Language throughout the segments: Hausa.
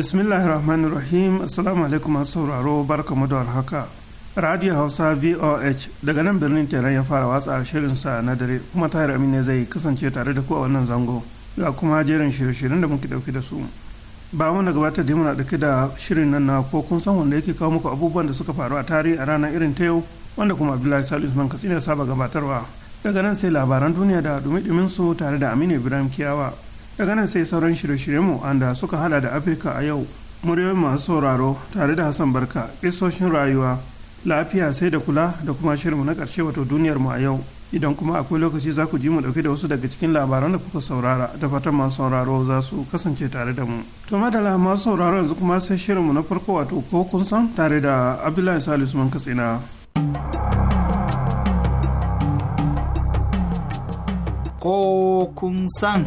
bismillahir rahmanir rahim assalamu alaikum masu sauraro barka mu da haka radio hausa voh daga nan birnin teran ya fara watsa shirin sa na dare kuma tahir ne zai kasance tare da ku a wannan zango ga kuma jerin shirye-shiryen da muke dauki da su ba mu na gabatar da muna dauke da shirin nan na ko kun san wanda yake kawo muku abubuwan da suka faru a tarihi a ranar irin ta yau wanda kuma abdullahi salisu man ne saba gabatarwa daga nan sai labaran duniya da dumi-dumin su tare da aminu ibrahim kiyawa daga nan sai sauran shirye-shiryenmu anda suka hada da afirka a yau muryoyin masu sauraro tare da hassan barka isoshin rayuwa lafiya sai da kula da kuma shirinmu na karshe wato duniyar mu a yau idan kuma akwai lokaci za ku ji mu dauke da wasu daga cikin labaran da kuka saurara da fatan masu sauraro za su kasance tare da mu to madala masu sauraro yanzu kuma sai shirinmu na farko wato ko kun san tare da abdullahi salisu man katsina ko kun san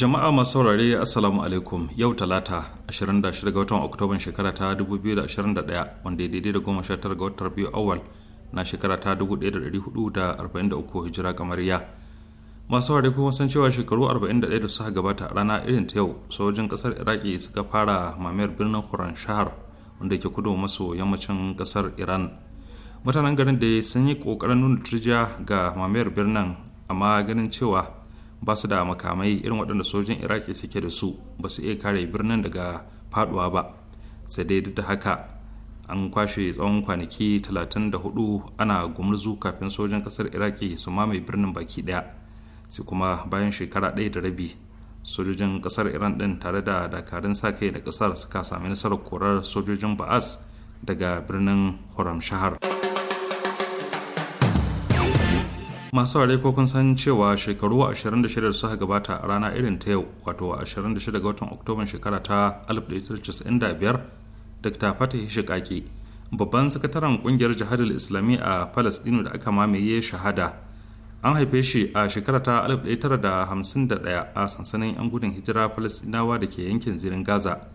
jama'a masu saurare assalamu alaikum yau talata 26 ga watan oktoban shekara ta 2021 wanda ya daidai da tara ga watan biyu awal na shekara ta 1443 hijira kamariya masu saurare kuma san cewa shekaru 41 da suka gabata a rana irin ta yau sojojin kasar iraki suka fara mamayar birnin huran shahar wanda ke kudu maso yammacin kasar iran mutanen garin da sun yi kokarin nuna turjiya ga mamayar birnin amma ganin cewa ba su da makamai irin waɗanda sojin iraki suke da su ba su iya kare birnin daga faduwa ba sai dai duk da haka an kwashe tsawon kwanaki 34 ana gumurzu kafin sojin ƙasar iraki su mamaye birnin baki ɗaya sai kuma bayan shekara ɗaya da rabi sojojin ƙasar iran ɗin tare da dakarun sa kai da ƙasar suka sami nasarar korar sojojin ba'as daga birnin horam shahar. masu ware ko kun san cewa shekaru 26 suka gabata a rana irin ta yau wato 26 ga watan oktoban shekara ta 1995 dr fatih shikaki babban sakataren kungiyar jihar islami a palestino da aka mamaye shahada an haife shi a shekara ta 1951 a sansanin 'yan gudun hijira palestinawa da ke yankin zirin gaza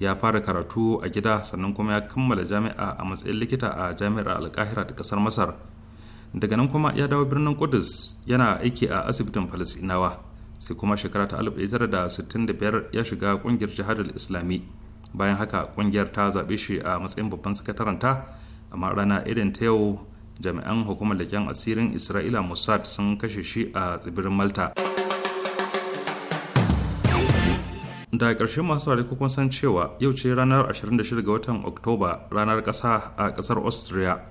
ya fara karatu a gida sannan kuma ya kammala jami'a a matsayin likita a jami'ar alkahira da kasar masar daga nan kuma ya dawo birnin kudus yana aiki a asibitin falasinawa sai kuma shekara ta 1965 ya shiga kungiyar jihadar islami bayan haka kungiyar ta zaɓe shi a matsayin babban sakataranta amma rana irin ta yau jami'an hukumar leƙen asirin isra'ila mossad sun kashe shi a tsibirin malta da ƙarshe masu ko kun san cewa yau ce ranar 26 ga watan oktoba ranar ƙasa a ƙasar austria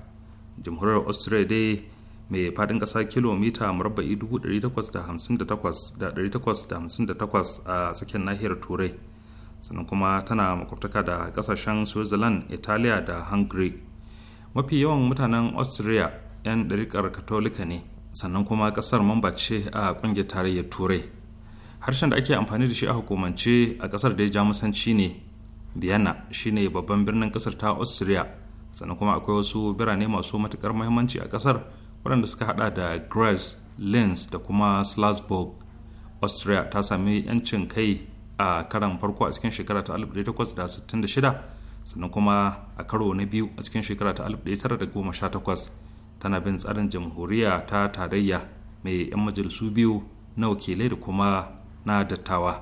jamhuriyar austria dai mai faɗin ƙasa kilomita murabba'i 858,858 a tsakiyar nahiyar turai sannan kuma tana makwabtaka da ƙasashen switzerland italiya da hungary mafi yawan mutanen austria 'yan ɗariƙar katolika ne sannan kuma ƙasar mamba ce a ƙungiyar tarayyar turai harshen da ake amfani da shi a hukumance a ƙasar da ya jamusanci ne vienna shine babban birnin ƙasar ta austria sannan kuma akwai wasu birane masu matukar muhimmanci a kasar waɗanda suka hada da grace linz da kuma slasburg austria ta sami 'yancin kai a karan farko a cikin shekara ta 1866 sannan kuma a karo na biyu a cikin shekara ta 1918 tana bin tsarin jamhuriya ta tarayya mai 'yan majalisu biyu na wakilai da kuma na dattawa.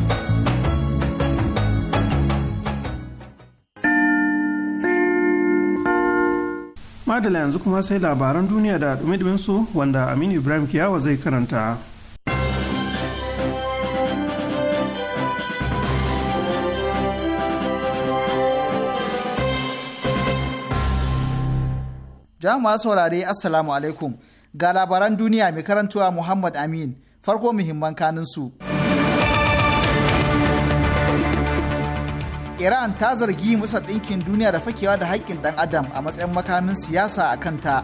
madala yanzu kuma sai labaran duniya da dumi su wanda aminu ibrahim kiyawa zai karanta jama'a saurare assalamu alaikum ga labaran duniya mai karantuwa muhammad amin farko muhimman kanin su. iran ta zargi musa ɗinkin duniya da fakewa da haƙƙin ɗan adam a matsayin makamin siyasa a kanta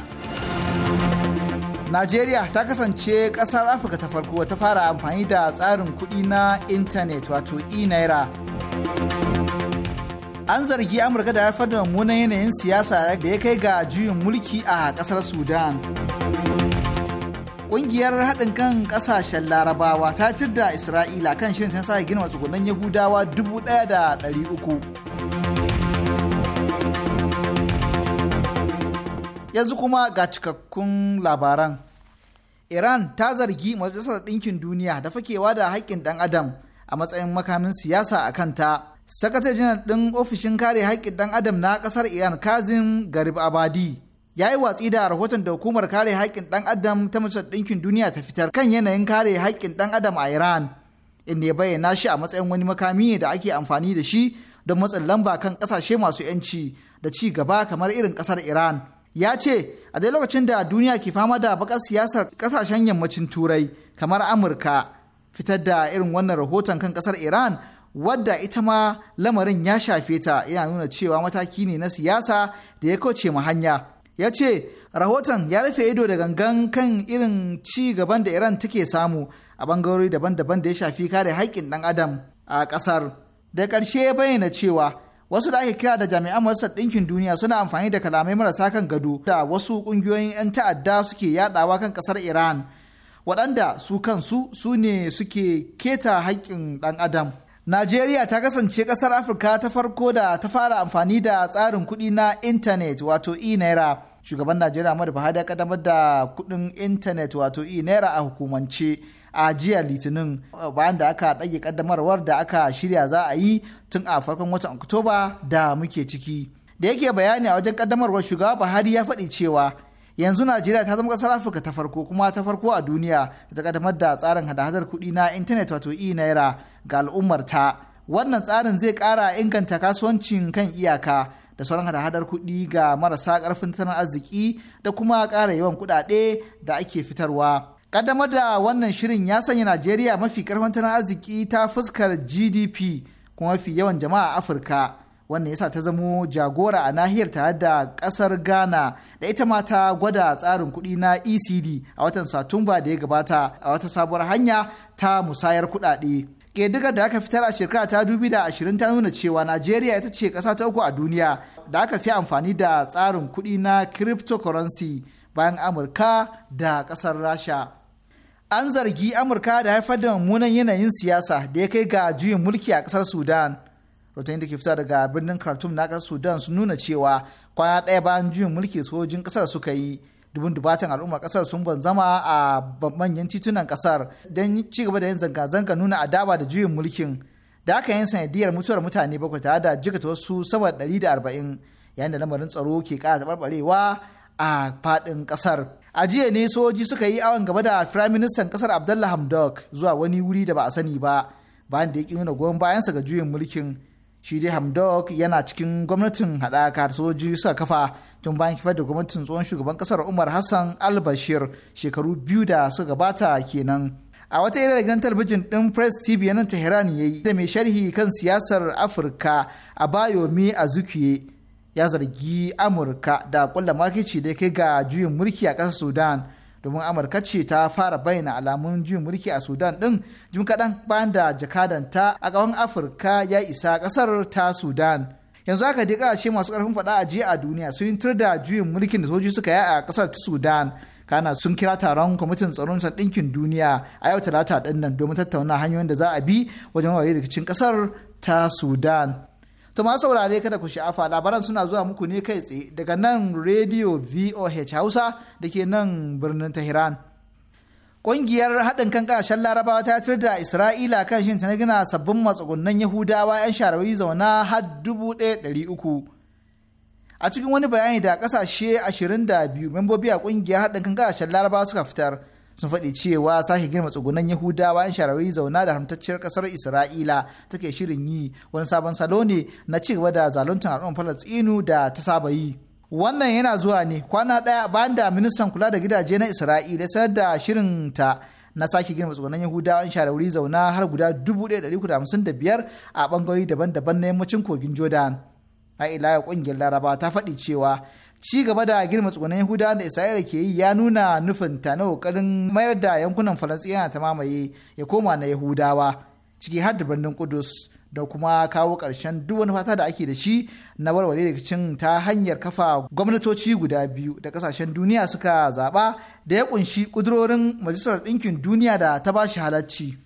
najeriya ta kasance ƙasar afirka ta farko ta fara amfani da tsarin kuɗi na intanet wato e-naira an zargi amurka da haifar da mummunan yanayin siyasa da ya kai ga juyin mulki a ƙasar sudan Ƙungiyar haɗin kan ƙasashen Larabawa ta da Isra'ila kan shirin ta sake gina matsugunan Yahudawa dubu ɗaya da ɗari uku. Yanzu kuma ga cikakkun labaran. Iran ta zargi Majalisar Ɗinkin Duniya da fakewa da haƙƙin ɗan adam a matsayin makamin siyasa a kanta. Sakataren ɗin ofishin kare haƙƙin ɗan adam na ƙasar Iran Kazim Garib Abadi ya yi watsi da rahoton da hukumar kare haƙƙin ɗan adam ta majalisar ɗinkin duniya ta fitar kan yanayin kare haƙƙin ɗan adam a iran inda ya bayyana shi a matsayin wani makami ne da ake amfani da shi don matsin lamba kan ƙasashe masu 'yanci da ci gaba kamar irin ƙasar iran ya ce a dai lokacin da duniya ke fama da bakar siyasar ƙasashen yammacin turai kamar amurka fitar da irin wannan rahoton kan ƙasar iran wadda ita ma lamarin ya shafe ta yana nuna cewa mataki ne na siyasa da ya kauce mu hanya ya ce rahoton ya rufe ido da gangan kan irin ci gaban da iran take samu a bangarori daban-daban da ya shafi kare haƙƙin ɗan adam a ƙasar da ƙarshe ya bayyana cewa wasu da ake kira da jami'an majalisar ɗinkin duniya suna amfani da kalamai marasa kan gado da wasu ƙungiyoyin 'yan ta'adda suke yaɗawa kan ƙasar iran waɗanda su kansu su ne suke keta haƙƙin ɗan adam Najeriya ta kasance ƙasar Afirka ta farko da ta fara amfani da tsarin kuɗi na intanet wato e-naira shugaban najeriya amadu buhari ya kaddamar da kudin intanet wato e naira a hukumance a jiya litinin bayan da aka ɗage kaddamarwar da aka shirya za a yi tun a farkon watan oktoba da muke ciki da yake bayani a wajen kaddamarwar shugaba buhari ya faɗi cewa yanzu najeriya ta zama ƙasar afirka ta farko kuma ta farko a duniya ta kaddamar da tsarin hada-hadar kuɗi na intanet wato e naira ga al'ummar ta wannan tsarin zai ƙara inganta kasuwancin kan iyaka da sauran hada-hadar kuɗi ga marasa ƙarfin tattalin arziki da kuma ƙara yawan kuɗaɗe da ake fitarwa. Ƙaddamar da wannan shirin ya sanya Najeriya mafi ƙarfin tattalin arziki ta fuskar GDP kuma mafi yawan jama'a Afirka. Wannan yasa ta zamo jagora a nahiyar tare da ƙasar Ghana da ita ma ta gwada tsarin kuɗi na ECD a watan Satumba da ya gabata a wata sabuwar hanya ta musayar kuɗaɗe. ƙididdigar da aka fitar a shekara ta dubi da ashirin ta nuna cewa najeriya ita ce ƙasa ta uku a duniya da aka fi amfani da tsarin kuɗi na cryptocurrency bayan amurka da ƙasar rasha an zargi amurka da haifar da mummunan yanayin siyasa da ya kai ga juyin mulki a ƙasar sudan rotanni da ke fita daga birnin khartoum na ƙasar sudan sun nuna cewa kwana ɗaya bayan juyin mulki sojojin ƙasar suka yi dubun dubatan al'ummar kasar sun ban zama a manyan titunan kasar don ci gaba da yin zanga-zanga nuna adaba da juyin mulkin da aka yin sanadiyar mutuwar mutane bakwai tare da jikata wasu sama da 140 yayin da lamarin tsaro ke kara tabarbarewa a faɗin kasar a jiya ne soji suka yi awon gaba da firayim ministan kasar abdullah hamdok zuwa wani wuri da ba a sani ba bayan da ya ƙi nuna goyon bayansa ga juyin mulkin shi dai hamdok yana cikin gwamnatin haɗaka da sojoji suka kafa tun bayan kifar da gwamnatin tsohon shugaban kasar umar hassan albashir shekaru biyu da suka gabata kenan a wata irin gidan talabijin ɗin press tv nan tehran ya yi da mai sharhi kan siyasar afirka a bayo bayomi a zukiye ya zargi amurka da kulla markici da ya kai ga juyin mulki a ƙasar sudan domin amurka ce ta fara bayyana alamun juyin mulki a sudan din jim kaɗan bayan da jakadanta a ƙawan afirka ya isa ƙasar ta sudan yanzu aka dai ce masu ƙarfin faɗa a jiya a duniya sun tur da juyin mulkin da sojoji suka yi a ƙasar ta sudan kana sun kira taron kwamitin tsaron sa ɗinkin duniya a yau talata ɗin domin tattauna hanyoyin da za a bi wajen ware rikicin ƙasar ta sudan To ma saurare kada ku sha'afa labaran suna zuwa muku ne kai tsaye daga nan Radio VOH Hausa da ke nan birnin Tehran. Ƙungiyar haɗin kan ƙasashen Larabawa ta tir da Isra'ila kan shin na gina sabbin matsugunan Yahudawa 'yan sharawi zauna har dubu ɗaya uku. A cikin wani bayani da ƙasashe ashirin da biyu membobi a ƙungiyar haɗin kan ƙasashen Larabawa suka fitar. sun faɗi cewa sake girma tsugunan yahudawa in shararri zauna da haramtacciyar ƙasar isra'ila take shirin yi wani sabon salo ne na ci gaba da zaluntar al'umma falastinu da ta saba yi wannan yana zuwa ne kwana ɗaya bayan da ministan kula da gidaje na isra'ila sanar da shirin ta na sake girma tsugunan yahudawa yan shararri zauna har guda 1,155 a bangarori daban-daban na yammacin kogin jordan a ila ƙungiyar laraba ta faɗi cewa ci gaba da girma tsunan yahuda da isra'ila ke yi ya nuna nufin ta na kokarin mayar da yankunan falasɗina ta mamaye ya koma na yahudawa ciki har da birnin kudus da kuma kawo ƙarshen duk wani fata da ake da shi na warware rikicin ta hanyar kafa gwamnatoci guda biyu da ƙasashen duniya suka zaɓa da ya ƙunshi ƙudurorin majalisar ɗinkin duniya da ta ba shi halacci.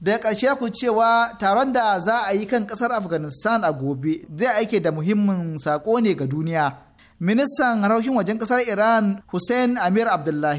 daga ƙarshe ku cewa taron da za a yi kan ƙasar afghanistan a gobe zai aike da muhimmin saƙo ne ga duniya ministan harkokin wajen kasar iran hussein amir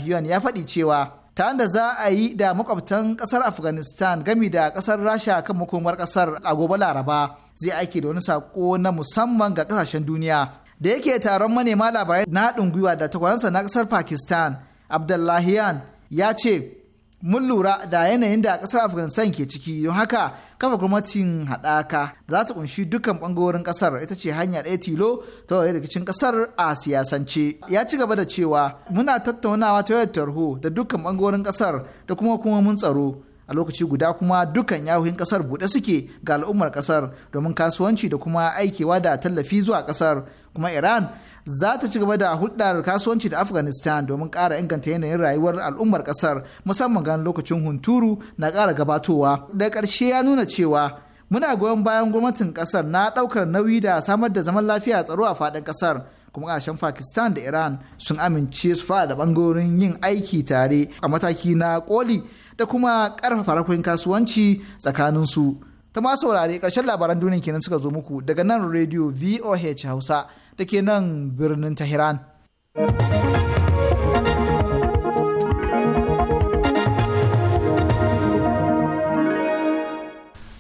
Yuan ya faɗi cewa ta da za a yi da makwabtan kasar afghanistan gami da kasar rasha kan makomar kasar a gobe laraba zai aiki da wani sako na musamman ga kasashen duniya da yake taron manema labarai na haɗin gwiwa da takwaransa na kasar pakistan abdullahian ya ce mun lura da yanayin da kasar afghanistan ke ciki don haka kafa gwamnatin haɗaka za ta kunshi dukkan ɓangarorin ƙasar ita ce hanya ɗaya tilo ta wayar rikicin ƙasar a siyasance ya ci gaba da cewa muna tattaunawa ta wayar tarho da dukkan ɓangarorin ƙasar da kuma hukumomin tsaro a lokaci guda kuma dukkan yahohin ƙasar buɗe suke ga al'ummar ƙasar domin kasuwanci da kuma aikewa da tallafi zuwa ƙasar kuma iran za ta ci gaba da hulɗar kasuwanci da afghanistan domin kara inganta yanayin rayuwar al'ummar ƙasar musamman ganin lokacin hunturu na kara gabatowa da karshe ya nuna cewa muna goyon bayan gwamnatin ƙasar na ɗaukar nauyi da samar da zaman lafiya tsaro a fadin kasar kuma ƙasashen pakistan da iran sun amince su fara da ɓangarorin yin aiki tare a mataki na koli da kuma ƙarfafa harkokin kasuwanci tsakaninsu. ta masu saurare karshen labaran duniya kenan suka zo muku daga nan rediyo voh hausa da ke nan birnin Tehran.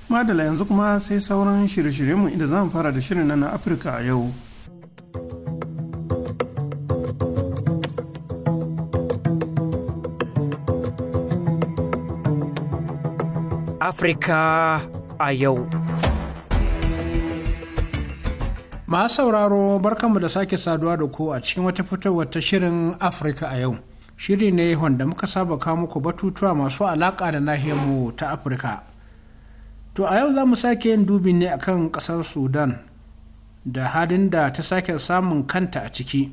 Madala yanzu kuma sai sauran shirye-shiryenmu inda zan fara da shirin na Afirka a yau. Afirka a yau. masu sauraro barkanmu da sake saduwa da ku a cikin wata fitowar ta shirin afirka a yau shiri ne wanda muka saba kawo muku batutuwa masu alaƙa da nahiyarmu ta afirka to a yau za mu sake yin dubi ne akan ƙasar sudan da halin da ta sake samun kanta a ciki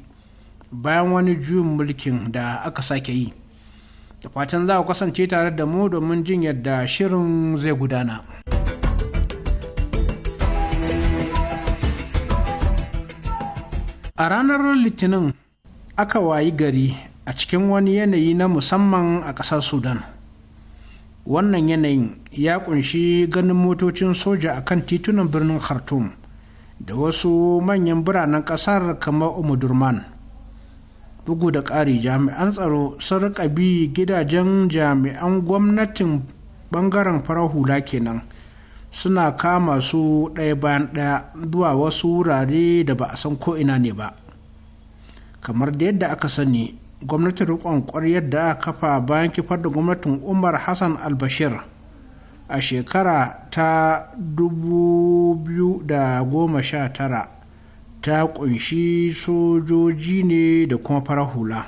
bayan wani juyin mulkin da aka sake yi da fatan za ku kasance tare da mu domin jin yadda shirin zai gudana. a ranar litinin aka wayi gari a cikin wani yanayi na musamman a ƙasar sudan wannan yanayin ya kunshi ganin motocin soja a kan titunan birnin khartoum da wasu manyan biranen ƙasar kamar umudurman bugu da ƙari jami'an tsaro sun rika bi gidajen jami'an gwamnatin ɓangaren farar hula kenan suna kama su ɗaya bayan ɗaya zuwa wasu wurare da ba a san ko'ina ne ba kamar da yadda aka sani gwamnatin riƙon ƙwaryar da aka kafa bayan kifar da gwamnatin umar hassan albashir a shekara ta 2019 ta kunshi sojoji ne da kuma farar hula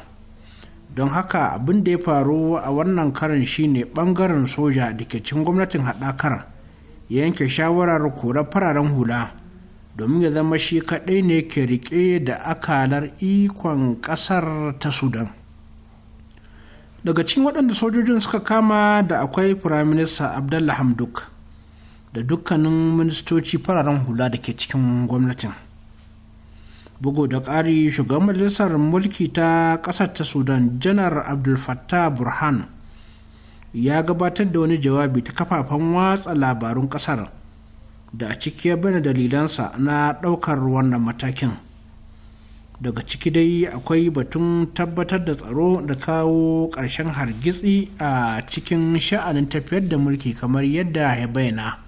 don haka abin da ya faru a wannan karin shine ɓangaren soja da ke gwamnatin haɗakar ya yanke shawarar kora fararen hula domin ya zama shi kaɗai ne ke riƙe da akalar ikon ƙasar ta sudan daga cikin waɗanda sojojin suka kama da akwai firaminista abdullah hamduk da dukkanin ministoci fararen hula da ke cikin gwamnatin bugu da ƙari shugaban majalisar mulki ta ƙasar ta sudan janar abdulfattah burhan ya gabatar da wani jawabi ta kafafen watsa labarun kasar da a ciki ya bane dalilansa na ɗaukar wannan matakin daga ciki dai akwai batun tabbatar da tsaro da kawo ƙarshen hargitsi a cikin sha'anin tafiyar da mulki kamar yadda ya bayyana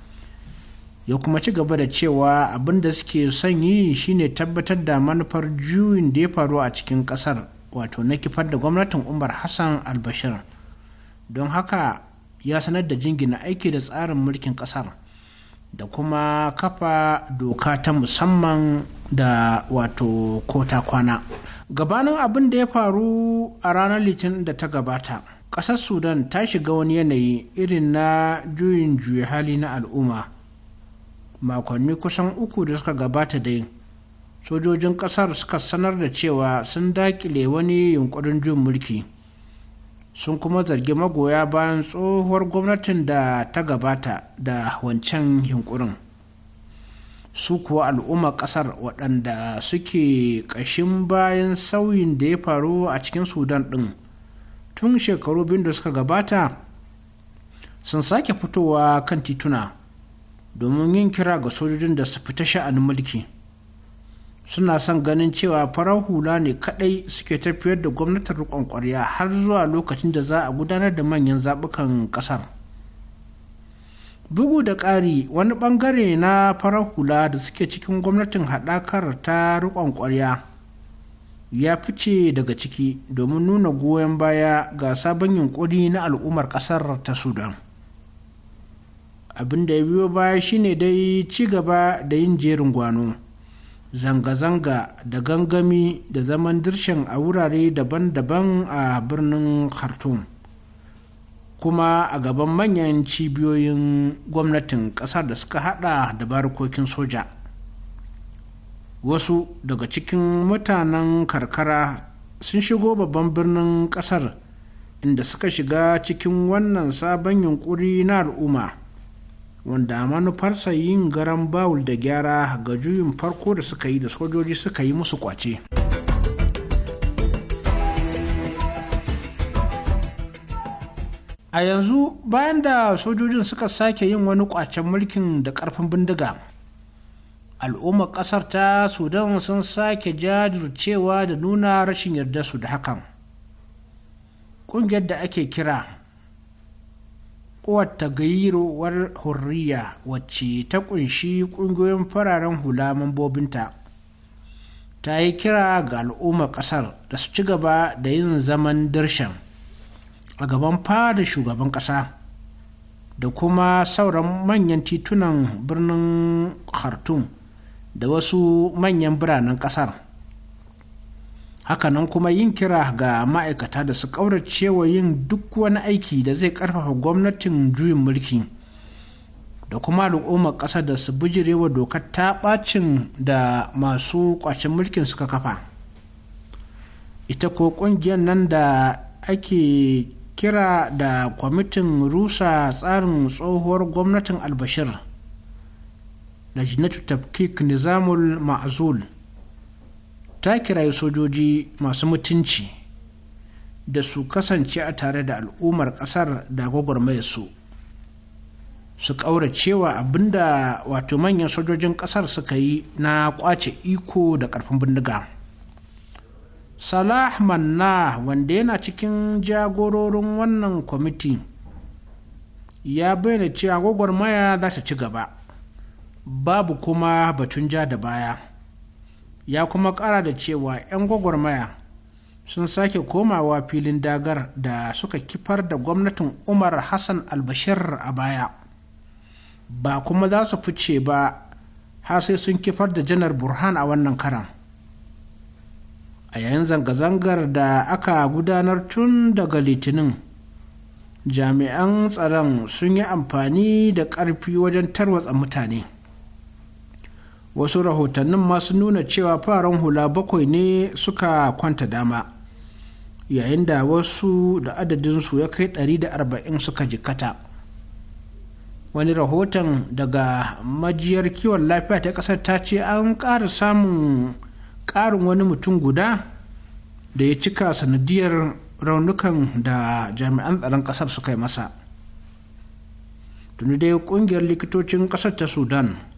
ya kuma ci gaba da cewa abin da suke son yi shine tabbatar da manufar juyin da ya faru a cikin ƙasar wato na kifar da gwamnatin umar hassan albashir don haka ya sanar da jingina aiki da tsarin mulkin ƙasar da kuma kafa doka ta musamman da wato kota kwana gabanin abin da ya faru a ranar litinin da ta gabata ƙasar sudan ta shiga wani yanayi irin na juyin juya hali na al'umma makonni kusan uku da suka gabata dai sojojin ƙasar suka sanar da cewa sun daƙile wani yunkurin juyin mulki sun kuma zargi magoya bayan tsohuwar gwamnatin da ta gabata da wancan yunkurin su kuwa al'umma kasar waɗanda suke ƙashin bayan sauyin da ya faru a cikin sudan ɗin tun shekaru biyu da suka gabata sun sake fitowa kan tituna domin yin kira ga sojojin da su fita sha'anin mulki suna son ganin cewa farar hula ne kadai suke tafiyar da gwamnatin rikon kwarya har zuwa lokacin da za a gudanar da manyan zabukan kasar bugu da ƙari wani bangare na farar hula da suke cikin gwamnatin haɗakar ta rikon kwarya ya fice daga ciki domin nuna goyon baya ga sabon yunkuri na al'ummar ƙasar ta sudan abin da ya biyo baya shine dai ci gaba da yin jerin gwano. zanga-zanga da gangami da zaman dirshan a wurare daban-daban a birnin khartoum kuma a gaban manyan cibiyoyin gwamnatin ƙasar da suka hada da barikokin soja wasu daga cikin mutanen karkara sun shigo babban birnin ƙasar inda suka shiga cikin wannan sabon yunkuri na al'umma wanda a manufarsa yin garan bawul da gyara ga juyin farko da suka yi da sojoji suka yi musu kwace. a yanzu bayan da sojojin suka sake yin wani kwacen mulkin da karfin bindiga al'ummar kasar ta sudan sun sake jajircewa da nuna rashin yarda su da hakan ƙungiyar da ake kira kowata gayyarwar hurriya wacce ta kunshi kungiyoyin fararen hula mambobinta ta yi kira ga al'ummar kasar da su ci gaba da yin zaman dirshan a gaban fada shugaban kasa da kuma sauran manyan titunan birnin khartoum da wasu manyan biranen kasar hakanan kuma yin kira ga ma'aikata da su ƙaurace wa yin duk wani aiki da zai ƙarfafa gwamnatin juyin mulki da kuma al'ummar ƙasa da su bijirewa dokar ta ɓacin da masu ƙwacin mulkin suka kafa ita ko ƙungiyar nan da ake kira da kwamitin rusa tsarin tsohuwar gwamnatin albashir da jinatu tafkik nizamul ma'azul ta kirayi sojoji masu mutunci da su kasance a tare da al'ummar ƙasar da gwagwarmayar su su ƙauracewa abinda wato manyan sojojin ƙasar suka yi na ƙwace iko da ƙarfin bindiga salah manna wanda yana cikin jagororin wannan kwamiti ya bayyana cewa gwagwarmaya za ta ci gaba babu kuma batun ja da baya ya kuma ƙara da cewa 'yan gwagwarmaya sun sake komawa filin dagar da suka kifar da gwamnatin umar hassan albashir a baya ba kuma za su fice ba har sai sun kifar da janar burhan a wannan karan a yayin zanga-zangar da aka gudanar tun daga litinin jami'an tsaron sun yi amfani da ƙarfi wajen tarwatsa mutane wasu rahotannin masu nuna cewa faran hula bakwai ne suka kwanta dama yayin da wasu da adadinsu ya kai 140 suka jikata wani rahoton daga majiyar kiwon lafiya ta ƙasar ta ce an ƙara samun ƙarin wani mutum guda da ya cika sanadiyar raunukan da jami'an tsaron ƙasar suka yi masa tuni dai ƙungiyar likitocin ƙasar ta sudan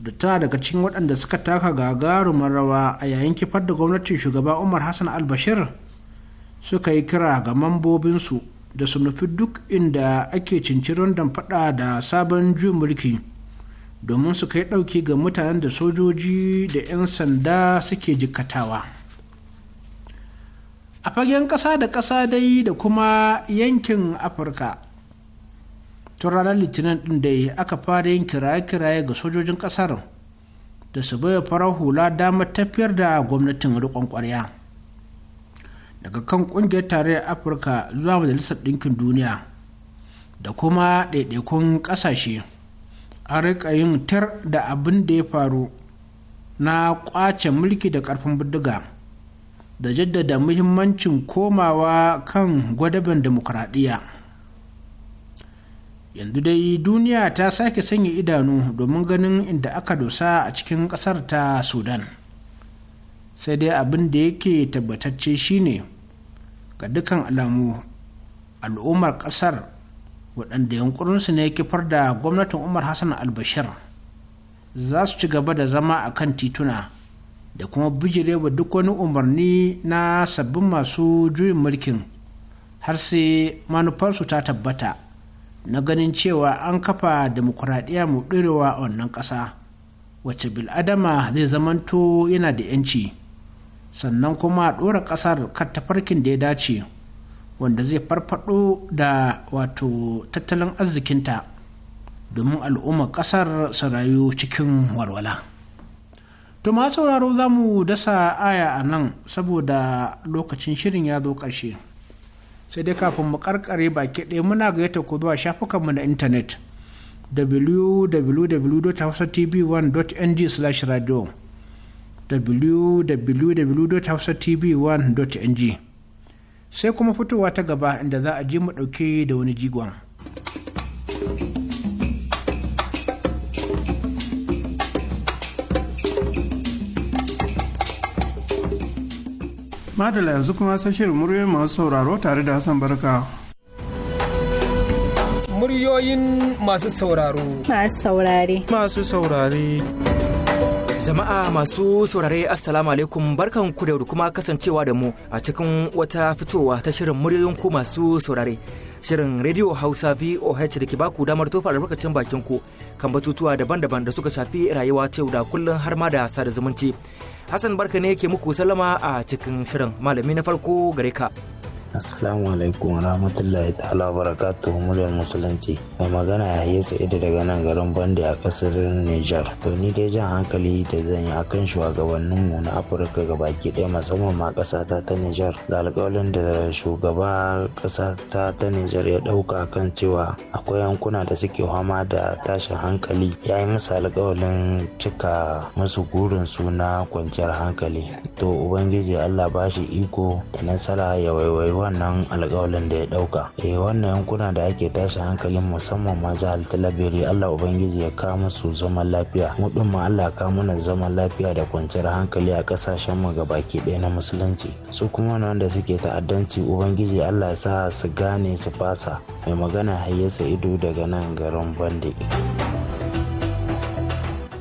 da ta daga cikin waɗanda suka taka gagarumar rawa a yayin kifar da gwamnatin shugaba umar hassan albashir suka yi kira ga mambobinsu da su nufi duk inda ake cinci don faɗa da sabon juyin mulki domin su kai ɗauki ga mutanen da sojoji da 'yan sanda suke jikatawa a fagen ƙasa da ƙasa dai da kuma yankin afirka tun ranar litinin din da aka fara yin kiraye-kiraye ga sojojin kasar da su bai farar hula damar tafiyar da gwamnatin rikon kwarya daga kan kungiyar tarayyar afirka zuwa majalisar ɗinkin duniya da kuma ɗaiɗaikun ƙasashe a riƙa yin tar da abin da ya faru na ƙwace mulki da ƙarfin bindiga da jaddada muhimmancin komawa kan gwadaben demokuraɗiyya yanzu dai duniya ta sake sanya idanu domin ganin inda aka dosa a cikin ƙasar ta sudan sai dai abin da yake tabbatacce shine ga dukkan alamu al'ummar ƙasar waɗanda yankurinsu ne kifar da gwamnatin umar hassan albashir za su ci gaba da zama a kan tituna da kuma bijirewa duk wani umarni na sabbin masu juyin mulkin har sai manufarsu ta tabbata na ganin cewa an kafa demokuraɗiyya mu ɗorewa a wannan ƙasa wacce bil'adama zai zamanto yana da 'yanci sannan kuma ɗora ƙasar kan tafarkin da ya dace wanda zai farfaɗo da wato tattalin arzikinta domin al'ummar ƙasar su rayu cikin walwala. To ma sauraro za mu dasa aya a nan saboda lokacin shirin ya zo ƙarshe. sai dai kafin mu karkare baki ɗaya muna gayyata ku zuwa shafukanmu na intanet www.hausatv1.ng/radio www.hausatv1.ng sai kuma fitowa ta gaba inda za a je mu ɗauke da wani jigon. madala yanzu kuma sai shirin muryoyin masu sauraro tare da hassan barka muryoyin masu sauraro masu saurare masu saurare jama'a masu saurare assalamu alaikum barkan ku da kuma kasancewa da mu a cikin wata fitowa ta shirin muryoyin ku masu saurare shirin radio hausa voh da ke baku damar tofa albarkacin bakin ku kan batutuwa daban-daban da suka shafi rayuwa ta da kullum har ma da sada zumunci Hassan barka ne yake muku salama a cikin shirin malami na farko gare ka. Assalamu alaikum rahmatullahi ta'ala barakatuhu muryar musulunci. Mai magana ya yi ido daga nan garin Bande a kasar Nijar. To ni dai jan hankali da zan yi akan mu na Afirka baki ɗaya musamman ma ƙasa ta ta Nijar. Da alƙawarin da shugaba ƙasa ta ta Nijar ya ɗauka kan cewa akwai yankuna da suke fama da tashin hankali ya yi musu alƙawarin cika musu gurin su na kwanciyar hankali. To Ubangiji Allah ba shi iko da nasara ya waiwaiwa wannan alƙawalin da ya ɗauka eh wannan yankuna da ake tashi hankalin musamman ma jihar talabiri allah ubangiji ya kawo musu zaman lafiya mu ma allah ka mana zaman lafiya da kwanciyar hankali a ƙasashen mu ga baki ɗaya na musulunci su kuma wanda suke ta'addanci ubangiji allah ya sa su gane su fasa mai magana hayyasa ido daga nan garin bande.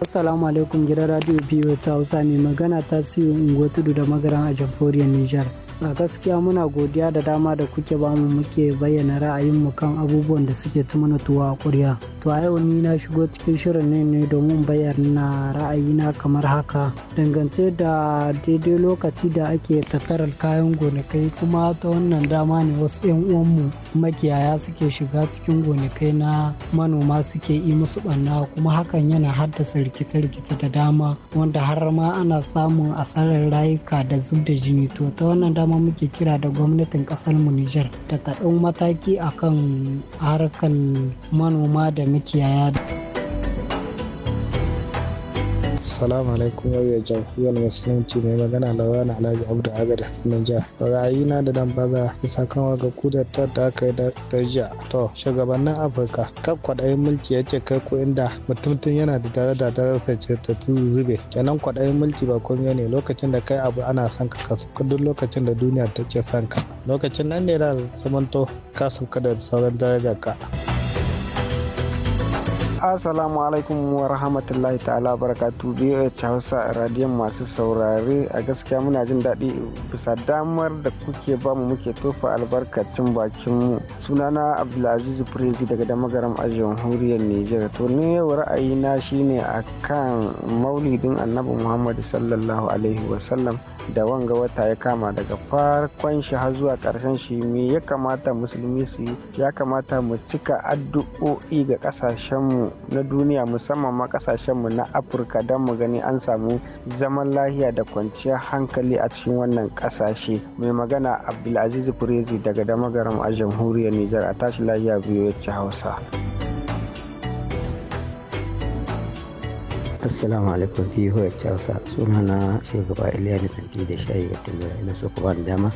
Assalamu alaikum gidan radio biyu ta Hausa mai magana ta siyo unguwa tudu da magaran a jamhuriyar Nijar. A gaskiya muna godiya da dama da kuke bamu muke bayyana ra'ayinmu kan abubuwan da suke ta mana tuwa a ƙwarya. To a yau ni na shigo cikin shirin ne ne domin bayyana ra'ayina kamar haka. Dangance da daidai lokaci da ake tattarar kayan gonakai kuma ta wannan dama ne wasu 'yan uwanmu makiyaya suke shiga cikin gonakai na manoma suke yi musu ɓanna kuma hakan yana haddasa rikice-rikice da dama wanda har ma ana samun asarar rayuka da zub da jini to ta wannan dama kuma muke kira da gwamnatin ƙasar mu Nijar da ta ɗau mataki akan harkan manoma da makiyaya. Salamu alaikum yau jamhuriyar musulunci mai magana rana Alhaji Abdu jiya. to ra'ayi na da dan baza isa kan ga kudatar da aka yi da jiya. To shugabannin Afirka kan kwaɗayin mulki ya ce kai ko inda mutum tun yana da daraja darajar ce ta zube. Kenan kwaɗayin mulki ba komai ne lokacin da kai abu ana son ka kasu duk lokacin da duniya take son ka. Lokacin nan ne da zamanto ka sauka da sauran darajar ka. Assalamu alaikum wa rahmatullahi ta'ala barakatu biyu Hausa a radiyon masu saurare a gaskiya muna jin daɗi bisa damar da kuke ba mu muke tofa albarkacin bakin mu. Sunana Abdulaziz Prezi daga damagaram a jamhuriyar Nijar. To ni yau ra'ayina shine akan maulidin Annabi Muhammad sallallahu alaihi wa da wanga wata ya kama daga farkon shi har zuwa karshen shi me ya kamata musulmi su yi ya kamata mu cika addu'o'i ga kasashenmu na duniya musamman ma kasashenmu na afirka don mu gani an samu zaman lahiya da kwanciyar hankali a cikin wannan kasashe mai magana abdulaziz furezi daga damagaram a jamhuriyar niger a tashi lahiya biyu ya ci hausa. assalamu alaikum biyu hausa suna na shugaba iliya da tsanki da shayi ga tambaya ina so ku bani dama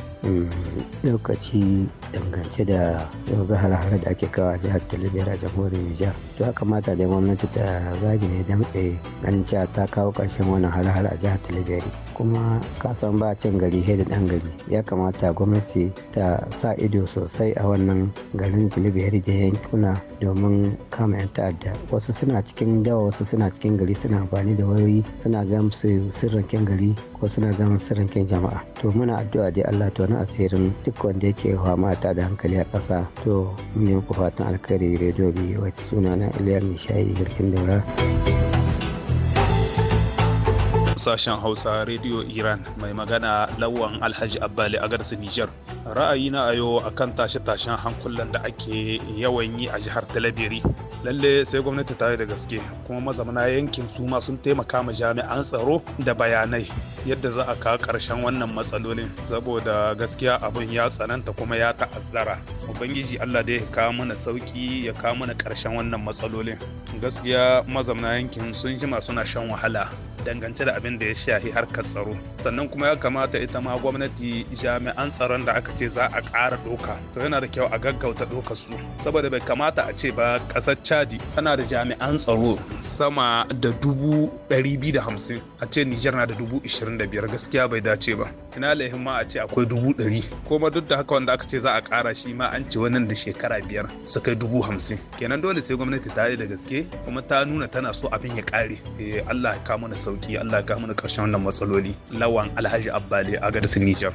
lokaci dangance da yoga har da ake kawo a jihar talibiyar a jamhuriyar nijar to ya kamata da gwamnati ta zagi ne damtse ganin cewa ta kawo ƙarshen wannan har a jihar talibiyar kuma kasan ba cin gari he da ɗan gari ya kamata gwamnati ta sa ido sosai a wannan garin kilibiyar da yankuna domin kama 'yan ta'adda wasu suna cikin dawa wasu suna cikin gari suna amfani da wayoyi suna gamsu sirrin kyan gari ko suna gamsu sirrin kyan jama'a to muna addu'a dai Allah to na asirin duk wanda yake fama ta da hankali a ƙasa to mun yi fatan alkhairi rediyo biyu wacce suna na Iliyar Mishayi Jirgin Daura. sashen Hausa Radio Iran mai magana Lawan Alhaji Abbali a garsu Nijar. Ra'ayina a yau akan tashe-tashen hankulan da ake yawan yi a jihar Talabiri. Lalle sai gwamnati ta yi da gaske kuma mazamana yankin su ma sun taimaka ma jami'an tsaro da bayanai yadda za a kawo ƙarshen wannan matsalolin saboda gaskiya abin ya tsananta kuma ya ta'azzara. Ubangiji Allah da ya kawo mana sauki ya kawo mana ƙarshen wannan matsalolin. Gaskiya mazamana yankin sun jima suna shan wahala dangance da abin da ya shahi harkar tsaro sannan kuma ya kamata ita ma gwamnati jami'an tsaron da aka ce za a ƙara doka to yana da kyau a gaggauta dokar su saboda bai kamata a ce ba ƙasar chadi tana da jami'an tsaro sama da dubu ɗari biyu da hamsin a ce nijar na da dubu ishirin da biyar gaskiya bai dace ba ina laihin ma a ce akwai dubu ɗari kuma duk da haka wanda aka ce za a ƙara shi ma an ce wannan da shekara biyar su kai dubu hamsin kenan dole sai gwamnati ta yi da gaske kuma ta nuna tana so abin ya ƙare eh, Allah ya mana sauki sauki Allah ya kawo mana ƙarshen wannan matsaloli lawan Alhaji Abbali a gadasin Nijar.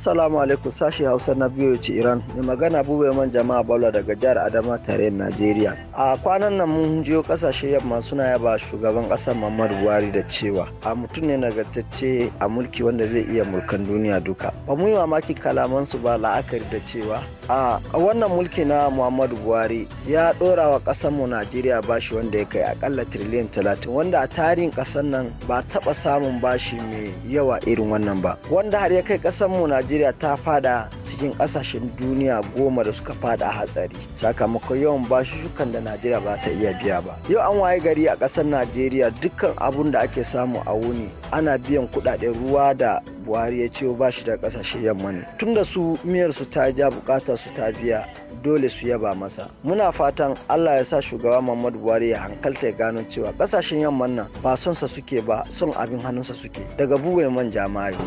Assalamu alaikum sashi Hausa na biyu ce Iran. Mai magana bube man jama'a Baula daga jihar Adama tarayyar Najeriya. A kwanan nan mun jiyo kasashe yamma suna yaba shugaban kasar Muhammadu Buhari da cewa a mutum ne nagartacce a mulki wanda zai iya mulkan duniya duka. Ba mu yi mamaki kalaman su ba la'akari da cewa a wannan mulki na Muhammadu Buhari ya dora wa kasar mu Najeriya bashi wanda ya kai akalla tiriliyan talatin wanda a tarihin kasar nan ba taba samun bashi mai yawa irin wannan ba. Wanda har ya kai kasar mu Najeriya najeriya ta fada cikin kasashen duniya goma da suka fada hatsari sakamakon yawan bashushukan da najeriya ba ta iya biya ba yau an waye gari a kasar najeriya dukkan abun da ake samu a wuni ana biyan kudaden ruwa da buhari ya ce ba shi da kasashe yamma ne tunda su miyar su ta ja bukatar su ta biya dole su yaba masa muna fatan allah ya sa shugaba muhammadu buhari ya hankalta ya gano cewa kasashen yamman nan ba son sa suke ba son abin hannunsa suke daga buwe manja mayo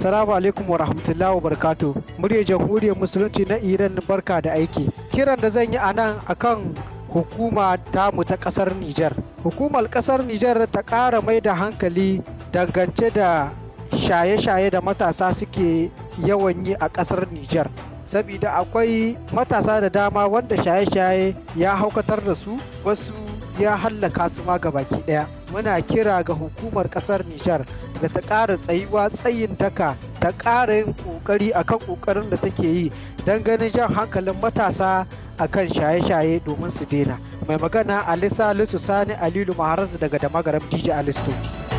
Assalamu alaikum wa rahmatullahi wa barakatu. Murya Jamhuriyar Musulunci na Iran barka da aiki. Kiran da zan yi a nan akan hukuma tamu ta ƙasar Nijar. Hukumar ƙasar Nijar ta ƙara mai da hankali dangance da shaye-shaye da matasa suke yawan yi a ƙasar Nijar. Sabida akwai matasa da dama wanda shaye-shaye ya haukatar da su wasu ya hallaka su ma gabaki daya muna kira ga hukumar kasar Nijar da ta ƙara tsayuwa tsayin daka ta ƙara yin ƙoƙari akan ƙoƙarin da take yi don ganin jan hankalin matasa akan shaye-shaye domin su daina mai magana alisa salisu sani alilu maharazu daga damagaram dj alisto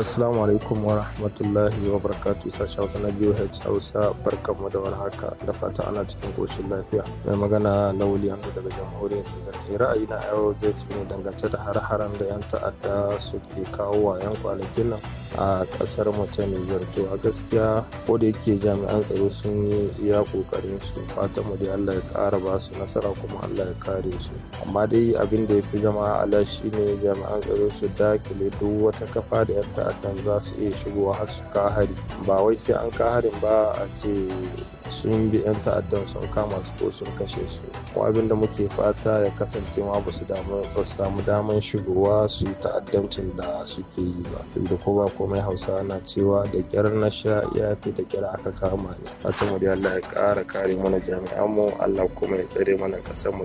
assalamu alaikum wa rahmatullahi wa barakatu hausa na biyu hausa mu da warhaka da fata ana cikin koshin lafiya mai magana lauli hannu daga jamhuriyar nijar eh, ra'ayi na yau zai ci ne dangance da har-haren da yan ta'adda suke kawo wa yan kwanakin nan a ƙasar mu ta nijar to a gaskiya ko da yake jami'an tsaro sun yi iya kokarin su fatan mu da allah ya kara ba su nasara kuma allah ya kare su amma dai abin da ya fi zama ala shine jami'an tsaro su dakile duk wata kafa da yan ta akan za su iya shigowa har su ba wai sai an kaharin ba a ce sun bi 'yan ta'addan sun kama su ko sun kashe su kuma abin da muke fata ya kasance ma ba su samu daman shigowa su ta'addancin da suke yi ba saboda ko ba komai hausa na cewa da kyar na sha ya fi da kyar aka kama ne fatan mu da Allah ya kara kare mana jami'an mu Allah kuma ya tsare mana kasar mu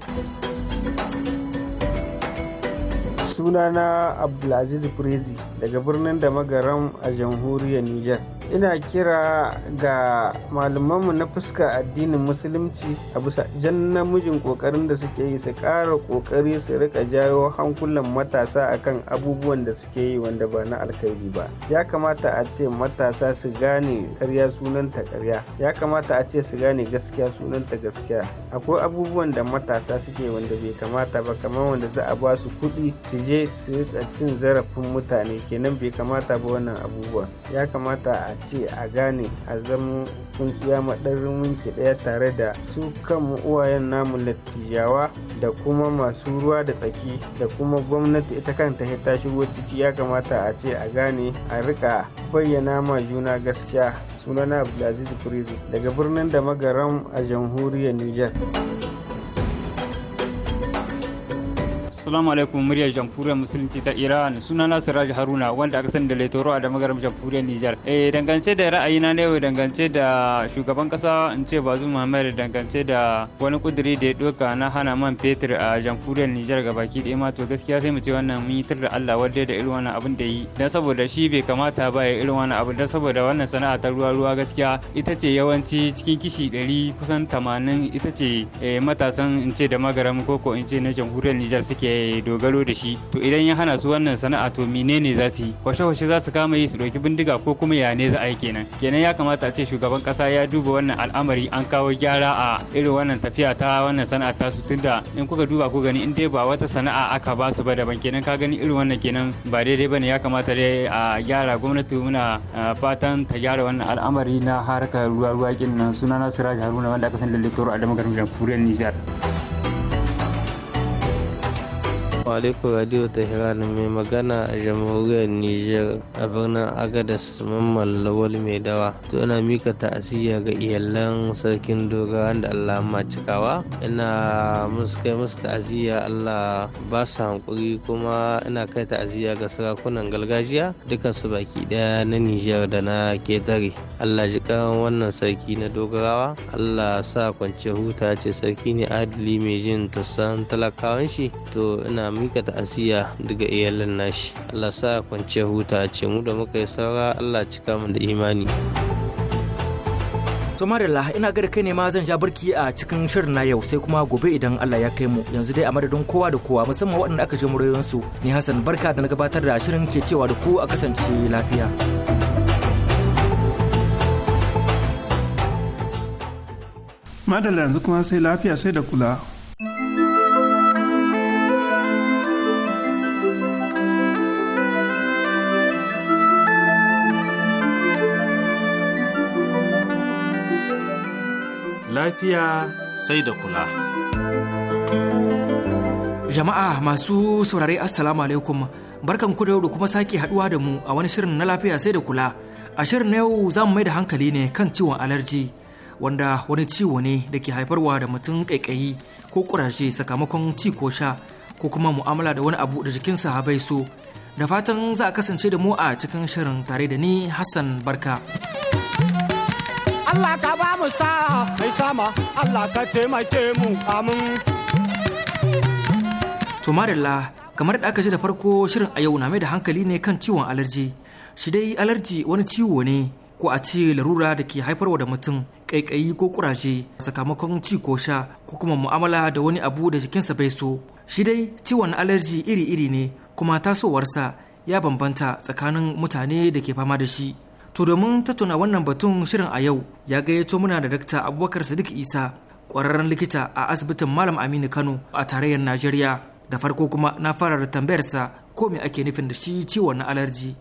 sunana Abdulaziz Brezi daga birnin da magaram a jamhuriyar Nijar. Ina kira ga malamanmu na fuska addinin musulunci a bisa jan namijin kokarin da suke yi su ƙara kokari su rika jawo hankulan matasa akan abubuwan da suke yi wanda ba na alkhairi ba. Ya kamata a ce matasa su gane karya sunanta karya. Ya kamata a ce su gane gaskiya sunanta gaskiya. Akwai abubuwan da matasa suke wanda bai kamata ba kamar wanda za a ba su kuɗi su je su cin zarafin mutane kenan bai kamata ba wannan abubuwa ya kamata a ce a gane a zama kungiya maɗarin minki ɗaya tare da su kan uwayen namu lattijawa da kuma masu ruwa da tsaki da kuma gwamnati ita kanta ta shigo ciki ya kamata a ce a gane a rika bayyana ma juna gaskiya sunana abdulaziz kurizi daga birnin da magaram a jamhuriyar niger Assalamu alaikum muryar jamhuriyar musulunci ta Iran suna na Siraj Haruna wanda aka sani da Laitoro a damagaram jamhuriyar Nijar. Eh dangance da ra'ayina na yau dangance da shugaban kasa in ce bazu Muhammad dangance da wani kuduri da ya doka na hana man fetur a jamhuriyar Nijar gabaki da ma to gaskiya sai mu ce wannan mun yi tar da Allah wadda da irin wannan abin da yi dan saboda shi bai kamata ba ya irin wannan abin dan saboda wannan sana'a ta ruwa ruwa gaskiya ita ce yawanci cikin kishi ɗari kusan tamanin ita ce eh, matasan in ce da magaram koko in ce na jamhuriyar Nijar suke dogaro da shi to idan ya hana su wannan sana'a to menene za su yi kwashe-kwashe za su kama yi su ɗauki bindiga ko kuma ya ne za a yi kenan kenan ya kamata a ce shugaban ƙasa ya duba wannan al'amari an kawo gyara a irin wannan tafiya ta wannan sana'a ta su tunda in kuka duba ko gani in dai ba wata sana'a aka ba su ba daban kenan ka gani irin wannan kenan ba daidai ne ya kamata dai a gyara gwamnati muna fatan ta gyara wannan al'amari na harkar ruwa ruwa kenan sunana Siraj Haruna wanda aka san da Littoro Adamu Garin Jamhuriyar Nijar. alaikum radio tehran mai magana a jamhuriyar nijar a birnin agadas mamman lawal mai dawa to ina mika ta'aziyya ga iyalan sarkin dogara da allah ma cikawa ina musu kai musu ta'aziyya allah ba su hankuri kuma ina kai ta'aziyya ga sarakunan gargajiya dukan su baki daya na nijar da na ketare allah ji karan wannan sarki na dogarawa allah sa kwance huta ce sarki ne adali mai jin tasan talakawan shi to ina mika ta'aziyya daga iyalan nashi Allah sa kwanciya huta ce mu da muka yi saura Allah cika mu da imani to marilla ina da kai ne ma zan ja barki a cikin shirin na yau sai kuma gobe idan Allah ya kai mu yanzu dai a madadin kowa da kowa musamman waɗanda aka je murayoyin su ni Hassan barka da na gabatar da shirin ke cewa da ku a kasance lafiya madalla yanzu kuma sai lafiya sai da kula lafiya sai da kula. Jama'a masu saurare Assalamu alaikum barkan ku da da kuma sake haduwa da mu a wani shirin na lafiya sai da kula. A shirin na yau za mu mai da hankali ne kan ciwon alarji wanda wani ciwo ne da ke haifarwa da mutum kaikayi ko ƙuraje sakamakon ci ko sha ko kuma mu'amala da wani abu da jikinsa bai so. Da fatan za a kasance da mu a cikin shirin tare da ni Hassan Barka. Allah ka ba mu sa mai sama Allah ka taimake mu amin. To marilla kamar da aka ji da farko shirin a yau na mai da hankali ne kan ciwon alarji. Shi dai alarji wani ciwo ne ko a ce larura da ke haifarwa da mutum kaikayi ko kuraje sakamakon ci ko sha ko kuma mu'amala da wani abu da jikinsa bai so. Shi dai ciwon alarji iri-iri ne kuma tasowarsa ya bambanta tsakanin mutane da ke fama da shi. To domin tattauna wannan batun shirin a yau ya gayyato muna da Dakta Abubakar Sadiq Isa ƙwararren likita a asibitin Malam Aminu Kano a tarayyar Najeriya. Da farko kuma na fara da tambayarsa ko me ake nufin da shi ciwon na alarji.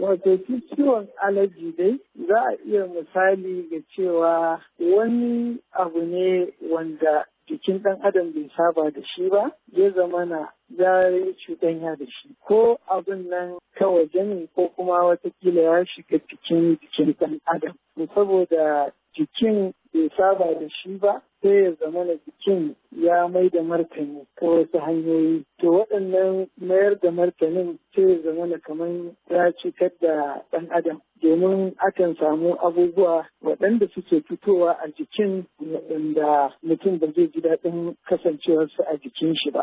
Wato shi ciwon alaji dai za a iya misali ga cewa wani abu ne wanda jikin ɗan adam bai saba da shi ba ya zamana ya yi ya da shi ko abin nan ta waje ne ko kuma watakila ya shiga cikin jikin ɗan adam saboda jikin bai saba da shi ba sai ya zama na jikin ya mai da martani ta wasu hanyoyi to waɗannan mayar da martanin sai ya zama na kamar ya cikar da ɗan adam domin akan samu abubuwa waɗanda suke fitowa a jikin waɗanda mutum ba zai ji daɗin kasancewarsu a jikin shi ba.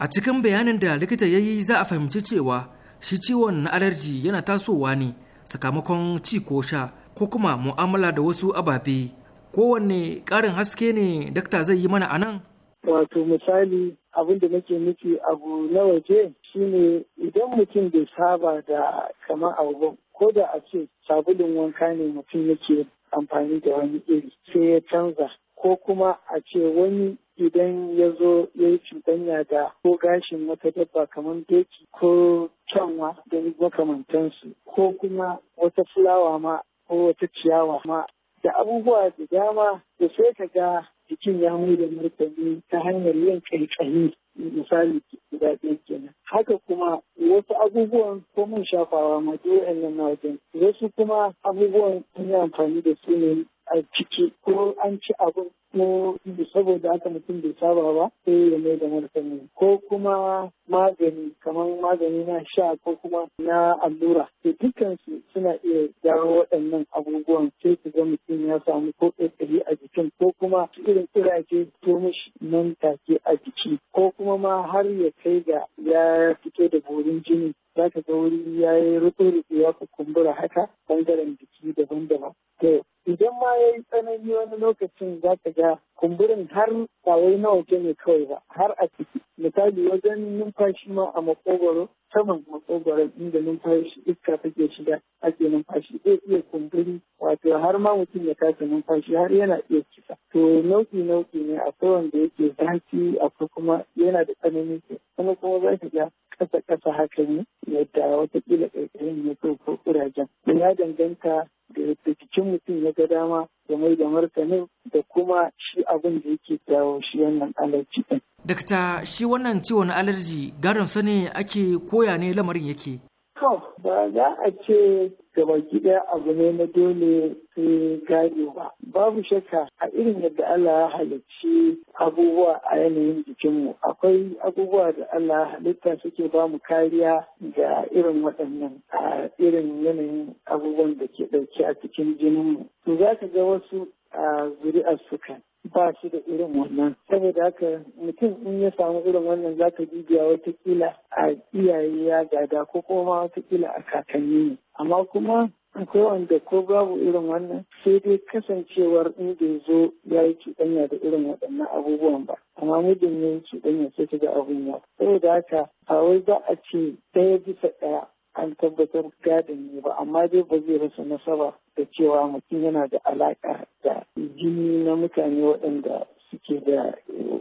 A cikin bayanin da likita ya yi za a fahimci cewa shi ciwon na alerji yana tasowa ne sakamakon ci ko sha ko kuma mu'amala da wasu ababe kowanne ƙarin haske ne dakta zai yi mana a nan? Wato misali abin da nake nufi abu na waje shine idan mutum bai saba da kamar abu ko da a ce sabulun wanka ne mutum yake amfani da wani iri sai ya canza ko kuma a ce wani idan ya zo ya yi cuɗanya da ko gashin wata dabba kamar doki ko kyanwa da makamantansu ko kuma wata fulawa ma ko wata ciyawa ma da abubuwa da dama da sai ka ga jikin ya mai da martani ta hanyar yin ƙaiƙayi misali guda ɗaya kenan haka kuma wasu abubuwan ko man shafawa ma duk na wajen wasu kuma abubuwan an yi amfani da su ne a ciki ko an ci abu ko saboda haka mutum bai saba ba sai ya mai da martani ko kuma magani kamar magani na sha ko kuma na allura to dukansu suna iya jawo waɗannan abubuwan sai su ga mutum ya samu ko ƙirƙiri a jikin ko kuma irin ƙiraje ko mishi nan take a jiki ko kuma ma har ya kai ga ya fito da borin jini za ka ga wuri ya yi rufe-rufe ya kumbura haka bangaren jiki daban-daban. To idan ma ya yi tsanani wani lokacin za ka ga kumburin har ba wai na waje ne kawai ba har a ciki misali wajen numfashi ma a makogwaro saman makogwaro inda numfashi iska take shiga ake numfashi zai iya kumburi wato har ma mutum ya kasa numfashi har yana iya kisa to nau'i nau'i ne a wanda yake zafi a kuma yana da tsanani wani kuma za ka ga kasa kasa haka ne yadda watakila ƙarƙarin ne ko kurajen ya danganta da jikin mutum ya ga dama ya mai da martanin da kuma shi abin da yake jawo shi wannan alerji din. Dakta shi wannan ciwon alerji gadon sani ake koya ne lamarin yake. To, ba za a ce gaba gida abu ne na dole sai gado ba. Babu shakka a irin yadda Allah ya halicci abubuwa a yanayin jikinmu. Akwai abubuwa da Allah halitta suke ba mu kariya ga irin waɗannan a irin yanayin abubuwan da ke ɗauki a cikin jininmu. To za ka ga wasu a zuri'ar sukan ba shi da irin wannan saboda haka mutum in ya samu irin wannan za ka dubiya watakila a iyaye ya gada ko kuma watakila a kakanni ne amma kuma akwai wanda ko babu irin wannan sai dai kasancewar inda ya zo ya yi cuɗanya da irin waɗannan abubuwan ba amma muddin ya yi cuɗanya sai ta ga abun ya saboda haka a wai za a ce ɗaya bisa ɗaya an tabbatar gadin ne ba amma dai ba zai rasa nasaba da cewa mutum yana da alaƙa da jini na mutane waɗanda suke da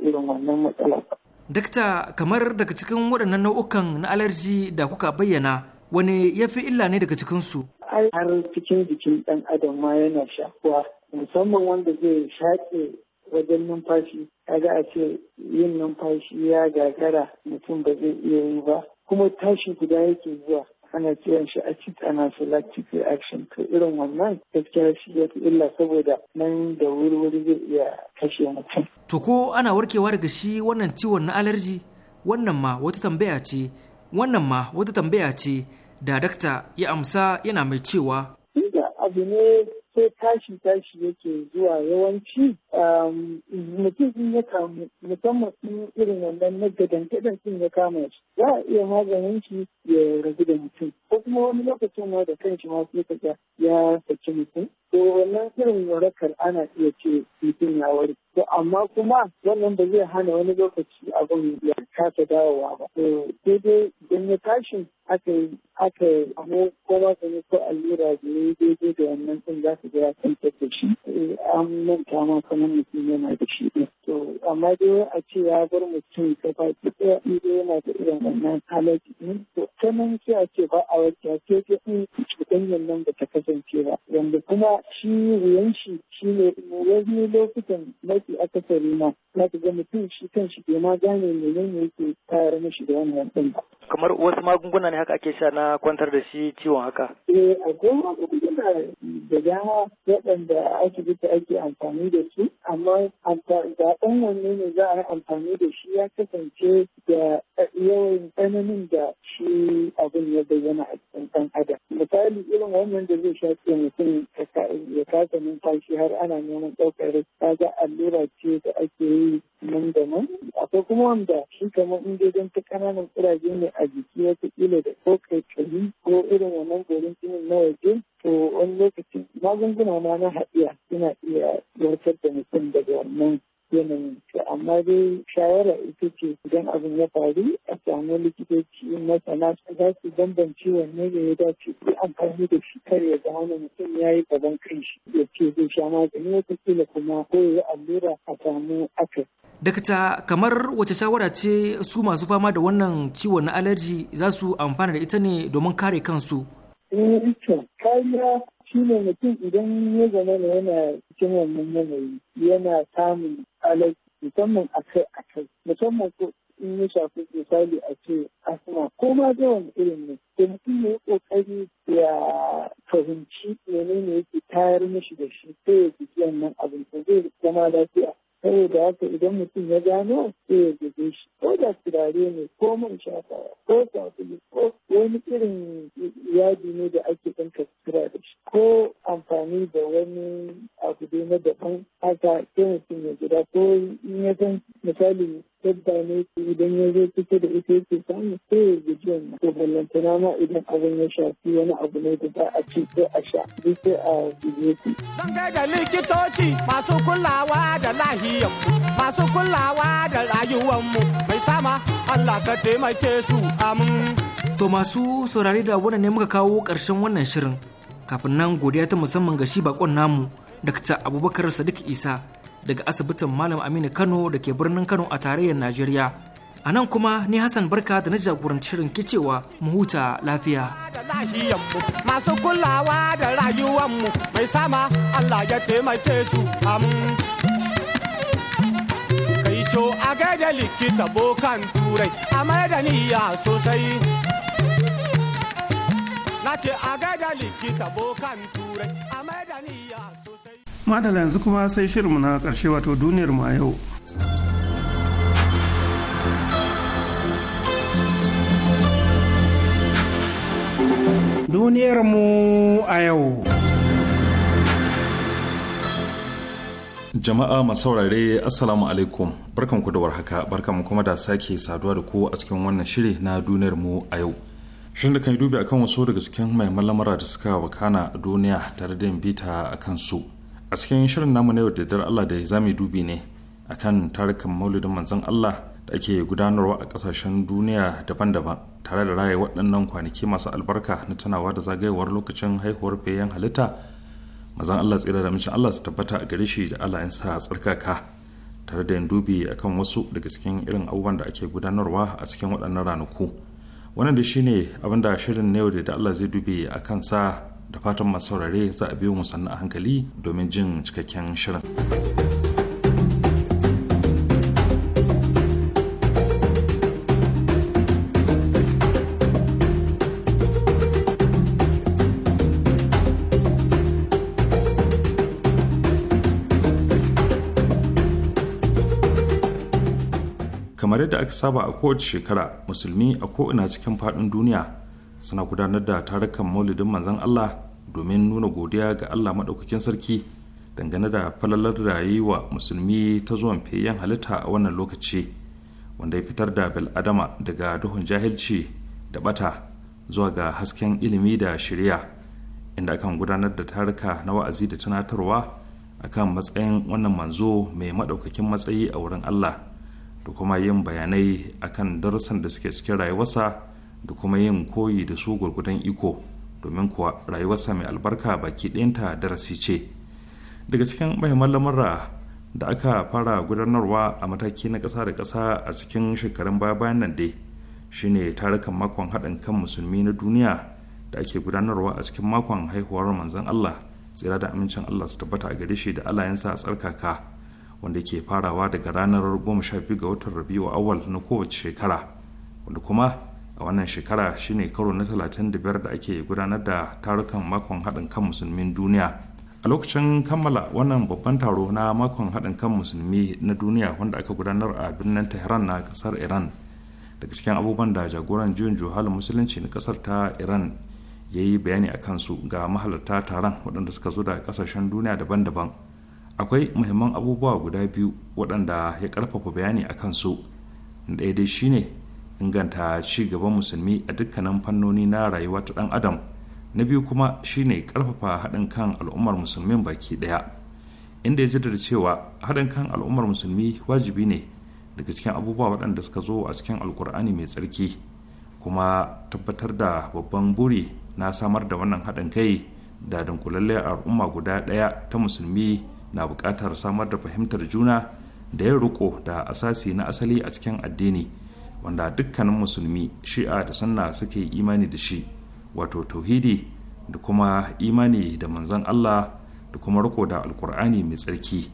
irin wannan matsala. Dakta kamar daga cikin waɗannan nau'ukan na alerji da kuka bayyana wani ya fi illa ne daga cikinsu? Har cikin jikin ɗan adam ma yana shakuwa musamman wanda zai shaƙe wajen numfashi kaga a ce yin numfashi ya gagara mutum ba zai iya yi ba kuma tashi guda yake zuwa ana kiran shi a ana anaphylactic reaction to irin wannan gaskiya shi ya fi illa saboda nan da wuri-wuri zai iya kashe mutum. To ko ana warkewa daga shi wannan ciwon na alerji? Wannan ma wata tambaya ce, wannan ma wata tambaya ce da dakta ya amsa yana mai cewa. Inda abu ne sai tashi tashi yake zuwa yawanci um, mutum in ya kamu musamman sun irin wannan na gadan sun ya kama shi za a iya maganin shi ya ragu da mutum ko kuma wani lokacin ma da kanshi ma sai ya saki mutum to wannan irin warakar ana iya ce mutum ya wari to amma kuma wannan ba zai hana wani lokaci abin ya kasa dawowa ba to daidai idan ya tashi aka yi aka yi amma ko ba ka yi ko allura da ya daidai da wannan sun za su ga kan da shi eh, an manta ma kamar mutum yana da shi ɗin to amma dai a ce ya bar mutum gaba ki ɗaya in yana da irin wannan halaji to ta nan sai a ce ba a warke sai ta cuɗanyar nan da ta kasance ba wanda kuma shi wuyan shi shi ne wani lokutan mafi akasari ma na ka ga mutum shi kan shi ma gane menene yake tayar mashi da wannan ɗin kamar wasu magunguna ne haka ake sha na kwantar da shi ciwon haka? Eh, akwai magunguna da dama waɗanda asibiti ake amfani da su, amma zaɓen wanne ne za a yi amfani da shi ya kasance da yawan tsananin da shi abin ya bayyana a cikin ɗan adam. misali irin wannan da zai shafi mutum ya kasa numfashi har ana neman ɗaukar Ta ga allura ce da ake yi nan da nan akwai kuma wanda shi kamar in dai don ta ƙananan kuraje ne a jiki kila da ko kaikayi ko irin wannan gorin jinin na waje to wani lokaci magunguna ma na haɗiya suna iya warkar da mutum daga wannan yanayin amma dai shawara ita ce idan abin ya faru a samu likitoci masana su za su bambance wanne ne ya dace ko amfani da shi kar ya zama na mutum ya yi gaban kanshi ya ce zai sha magani wataƙila kuma ko ya allura a samu aka. Dakta kamar wace shawara ce su masu fama da wannan ciwon na alerji za su amfana da ita ne domin kare kansu? Eh, kariya shi ne mutum idan ya zama yana cikin wannan yanayi yana samun alaƙi musamman akai akai musamman ko in ya shafi misali a ce asma ko ma da wani irin ne da mutum ya yi kokari ya fahimci menene yake tayar mishi da shi sai ya jiki wannan abin da zai zama lafiya saboda haka idan mutum ya gano sai ya jiki shi ko da turare ne ko man shafawa ko sabulu ko wani irin yadi ne da ake ɗan kaskura da shi ko amfani da wani abu dai na daban haka sai ya gida ko in ya san misali dabba ne idan ya zo kusa da ita yake samu ko ya guji wannan to ballantana ma idan abin ya shafi wani abu ne da za a ci ko a sha duk sai a guje su. zan kai da likitoci masu kulawa da lahiyar masu kulawa da rayuwanmu mai sama allah ka taimake su amin. to masu saurari da wannan ne muka kawo ƙarshen wannan shirin kafin nan godiya ta musamman ga shi bakon namu Dr. Abubakar Sadiq Isa daga asibitin Malam Aminu Kano da ke birnin Kano a tarayyar Najeriya. A nan kuma ni Hassan Barka da na jagoranci shirin ke cewa mu huta lafiya. Masu kulawa da rayuwanmu mai sama Allah ya taimake su Kai co a gaida likita bokan turai a da niyya sosai. na ce bokan turai a madala yanzu kuma sai shirinmu na karshe wato duniyar mu a yau duniyar mu a yau jama'a masaurare assalamu alaikum barkanku da warhaka barkanku kuma da sake saduwa da ku a cikin wannan shiri na duniyar mu a yau shirin da kan yi dubi akan wasu daga cikin mai lamura da suka wakana a duniya tare da bita a kansu a cikin shirin namu na yau da dar Allah da za mu dubi ne akan tarukan maulidin manzon Allah da ake gudanarwa a kasashen duniya daban-daban tare da raye waɗannan kwanaki masu albarka na tunawa da zagayewar lokacin haihuwar fayyan halitta mazan Allah tsira da mace Allah su tabbata a gare shi da Allah sa tsarkaka tare da yin dubi akan wasu daga cikin irin abubuwan da ake gudanarwa a cikin waɗannan ranaku. wannan da shine abin da shirin na yau da Allah zai dube a sa da fatan masu saurare za a biyo mu sannan a hankali domin jin cikakken shirin. yadda aka saba a kowace shekara musulmi a ko'ina cikin faɗin duniya suna gudanar da tarukan maulidin manzan Allah domin nuna godiya ga Allah maɗaukakin sarki dangane da falalar da yi wa musulmi ta zuwan fiyayyen halitta a wannan lokaci wanda ya fitar da bil'adama daga duhun jahilci da bata zuwa ga hasken ilimi da shirya inda akan gudanar da taruka na wa'azi da tunatarwa akan matsayin wannan manzo mai maɗaukakin matsayi a wurin Allah da kuma yin bayanai akan darussan da suke cikin rayuwarsa da kuma yin koyi da su gurgudan iko domin kuwa rayuwarsa mai albarka baki ɗayanta darasi ce daga cikin mahimman lamurra da aka fara gudanarwa a mataki na ƙasa da ƙasa a cikin shekarun baya bayan nan dai shine tarukan makon haɗin kan musulmi na duniya da ake gudanarwa a cikin makon haihuwar manzon Allah tsira da amincin Allah su tabbata a gare shi da alayensa a tsarkaka wanda ke farawa daga ranar 12 ga watan rabiu awal na kowace shekara wanda kuma a wannan shekara shine karo na 35 da ake gudanar da tarukan makon haɗin kan musulmin duniya a lokacin kammala wannan babban taro na makon haɗin kan musulmi na duniya wanda aka gudanar a birnin tehran na ƙasar iran daga cikin abubuwan da jagoran juyin juhalin musulunci na ƙasar ta iran ya yi bayani a kansu ga mahalarta taron waɗanda suka zo da ƙasashen duniya daban-daban akwai muhimman abubuwa guda biyu waɗanda ya ƙarfafa bayani a kansu ɗaya dai shine inganta ci gaban musulmi a dukkanin fannoni na rayuwa ta ɗan adam na biyu kuma shine ƙarfafa haɗin kan al'ummar musulmin baki ɗaya inda ya jaddada cewa haɗin kan al'ummar musulmi wajibi ne daga cikin abubuwa waɗanda suka zo a cikin alkur'ani mai tsarki kuma tabbatar da babban buri na samar da wannan haɗin kai da dunkulalle al'umma guda ɗaya ta musulmi na buƙatar samar da fahimtar juna da ya riko da asasi na asali a cikin addini wanda dukkanin musulmi shi'a da sunna suke imani da shi wato tauhidi da kuma imani da manzon Allah da kuma riko da alkur'ani mai tsarki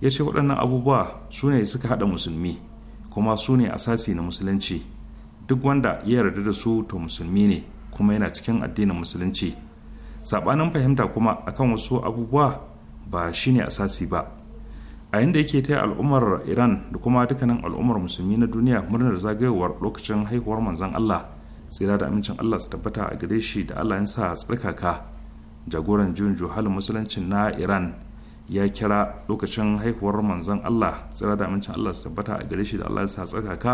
ya ce waɗannan abubuwa su ne suka haɗa musulmi kuma su ne asasi na musulunci duk wanda ya yarda da su to musulmi ne kuma yana cikin addinin musulunci saɓanin fahimta kuma akan wasu abubuwa ba shine asasi ba a yadda yake ta al'ummar iran da kuma dukkanin al'ummar musulmi na duniya murnar zagayowar lokacin haihuwar manzon allah tsira da amincin allah su tabbata a gare shi da allah ya sa tsarkaka jagoran juyin juhalin musuluncin na iran ya kira lokacin haihuwar manzon allah tsira da amincin allah su tabbata a gare shi da allah ya sa tsarkaka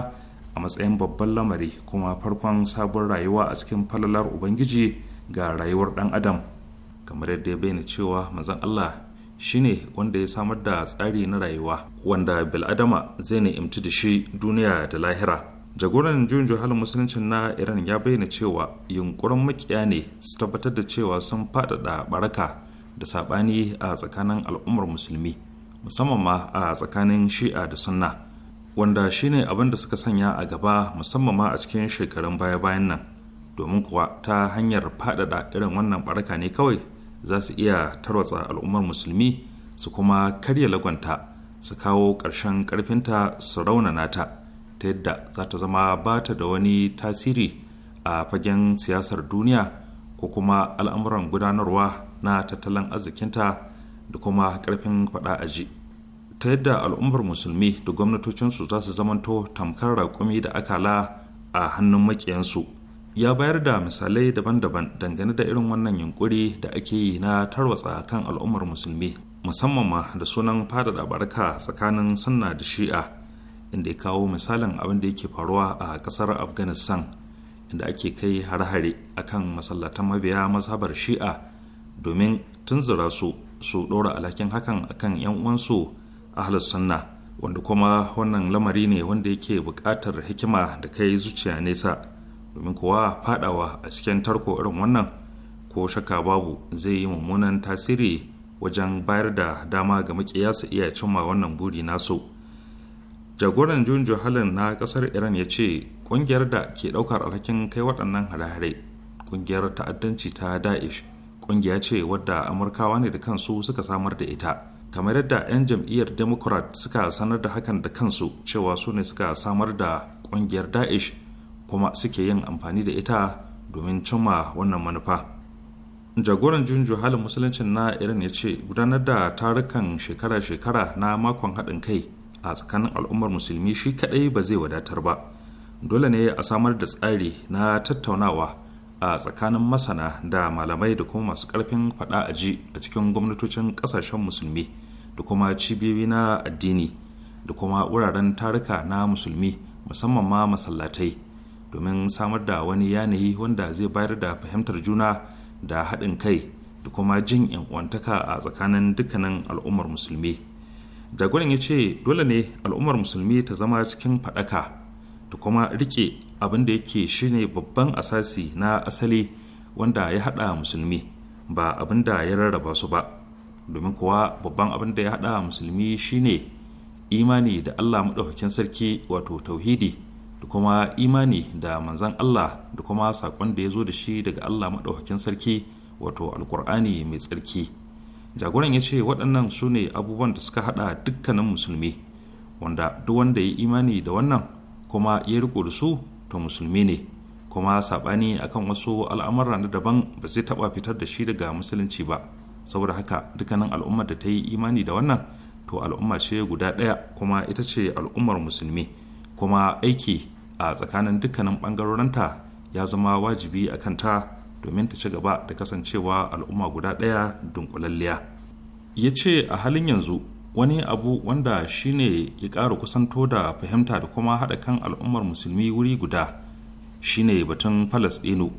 a matsayin babban lamari kuma farkon sabon rayuwa a cikin falalar ubangiji ga rayuwar dan adam kamar yadda ya bayyana cewa manzon allah shine wanda ya samar da tsari na rayuwa wanda bil'adama zai imti da shi duniya da lahira jagoran juyin juhalin musuluncin na iran ya bayyana cewa yunkurin makiya ne su tabbatar da cewa sun faɗaɗa baraka da saɓani a tsakanin al'ummar musulmi musamman ma a tsakanin shi'a da sunna wanda shine abin da suka sanya a gaba musamman ma a cikin shekarun baya-bayan nan domin kuwa ta hanyar faɗaɗa irin wannan baraka ne kawai za su iya tarwatsa al'ummar musulmi su kuma karya lagonta su kawo ƙarshen ƙarfinta su raunana ta ta yadda za ta zama ba ta da wani tasiri a fagen siyasar duniya ko kuma al'amuran gudanarwa na tattalin arzikinta da kuma ƙarfin faɗa aji ta yadda al'ummar musulmi da gwamnatocinsu za su zamanto tamkar raƙumi da akala a hannun makiyansu. ya bayar da misalai daban-daban dangane da irin wannan yunkuri da ake yi na tarwatsa kan al'ummar musulmi musamman ma da sunan da barka tsakanin sunna da shi'a inda ya kawo misalin abin da yake faruwa a kasar afghanistan inda ake kai hare-hare akan masallatan mabiya mazhabar shi'a domin tunzura su su ɗora alhakin hakan akan 'yan uwansu ahlus sunna wanda kuma wannan lamari ne wanda yake buƙatar hikima da kai zuciya nesa domin kowa fadawa a cikin tarko irin wannan ko shaka babu zai yi mummunan tasiri wajen bayar da dama ga makiya su iya cimma wannan buri nasu jagoran jun halin na kasar iran ya ce kungiyar da ke daukar alhakin kai waɗannan hare-hare kungiyar ta'addanci ta daesh kungiya ce wadda amurkawa ne da kansu suka samar da ita kamar yadda 'yan jam'iyyar democrat suka sanar da hakan da kansu cewa su ne suka samar da kungiyar daesh kuma suke yin amfani da ita domin cimma wannan manufa jagoran junju halin musuluncin na irin ya ce gudanar da tarukan shekara-shekara na makon haɗin kai a tsakanin al'ummar musulmi shi kaɗai ba zai wadatar ba dole ne a samar da tsari na tattaunawa a tsakanin masana da malamai da kuma masu ƙarfin faɗa a ji a cikin gwamnatocin ƙasashen musulmi da kuma cibiyoyi na addini da kuma wuraren taruka na musulmi musamman ma masallatai domin samar da wani yanayi wanda zai bayar da fahimtar juna da haɗin kai da kuma jin yankwantaka a tsakanin dukkanin al'ummar musulmi jagoran ya ce dole ne al'ummar musulmi ta zama cikin faɗaka da kuma rike abin da yake shine babban asasi na asali wanda ya haɗa musulmi ba abin da ya rarraba su ba domin kuwa babban abin da ya haɗa musulmi shine imani da allah maɗaukakin sarki wato tauhidi da kuma imani da manzan Allah da kuma saƙon da ya zo da shi daga Allah maɗaukakin sarki wato alkur'ani mai tsarki jagoran ya ce waɗannan su ne abubuwan da suka haɗa dukkanin musulmi wanda duk wanda ya imani da wannan kuma ya riko da su to musulmi ne kuma saɓani akan wasu al'amura na daban ba zai taɓa fitar da shi daga musulunci ba saboda haka dukkanin al'ummar da ta yi imani da wannan to al'umma ce guda ɗaya kuma ita ce al'ummar musulmi kuma aiki a tsakanin dukkanin bangarorinta ya zama wajibi a kanta domin ta ci gaba da kasancewa al'umma guda ɗaya dunkulalliya ya ce a halin yanzu wani abu wanda shine ya ƙara kusanto da fahimta da kuma haɗa kan al'ummar musulmi wuri guda shine batun falasɗinu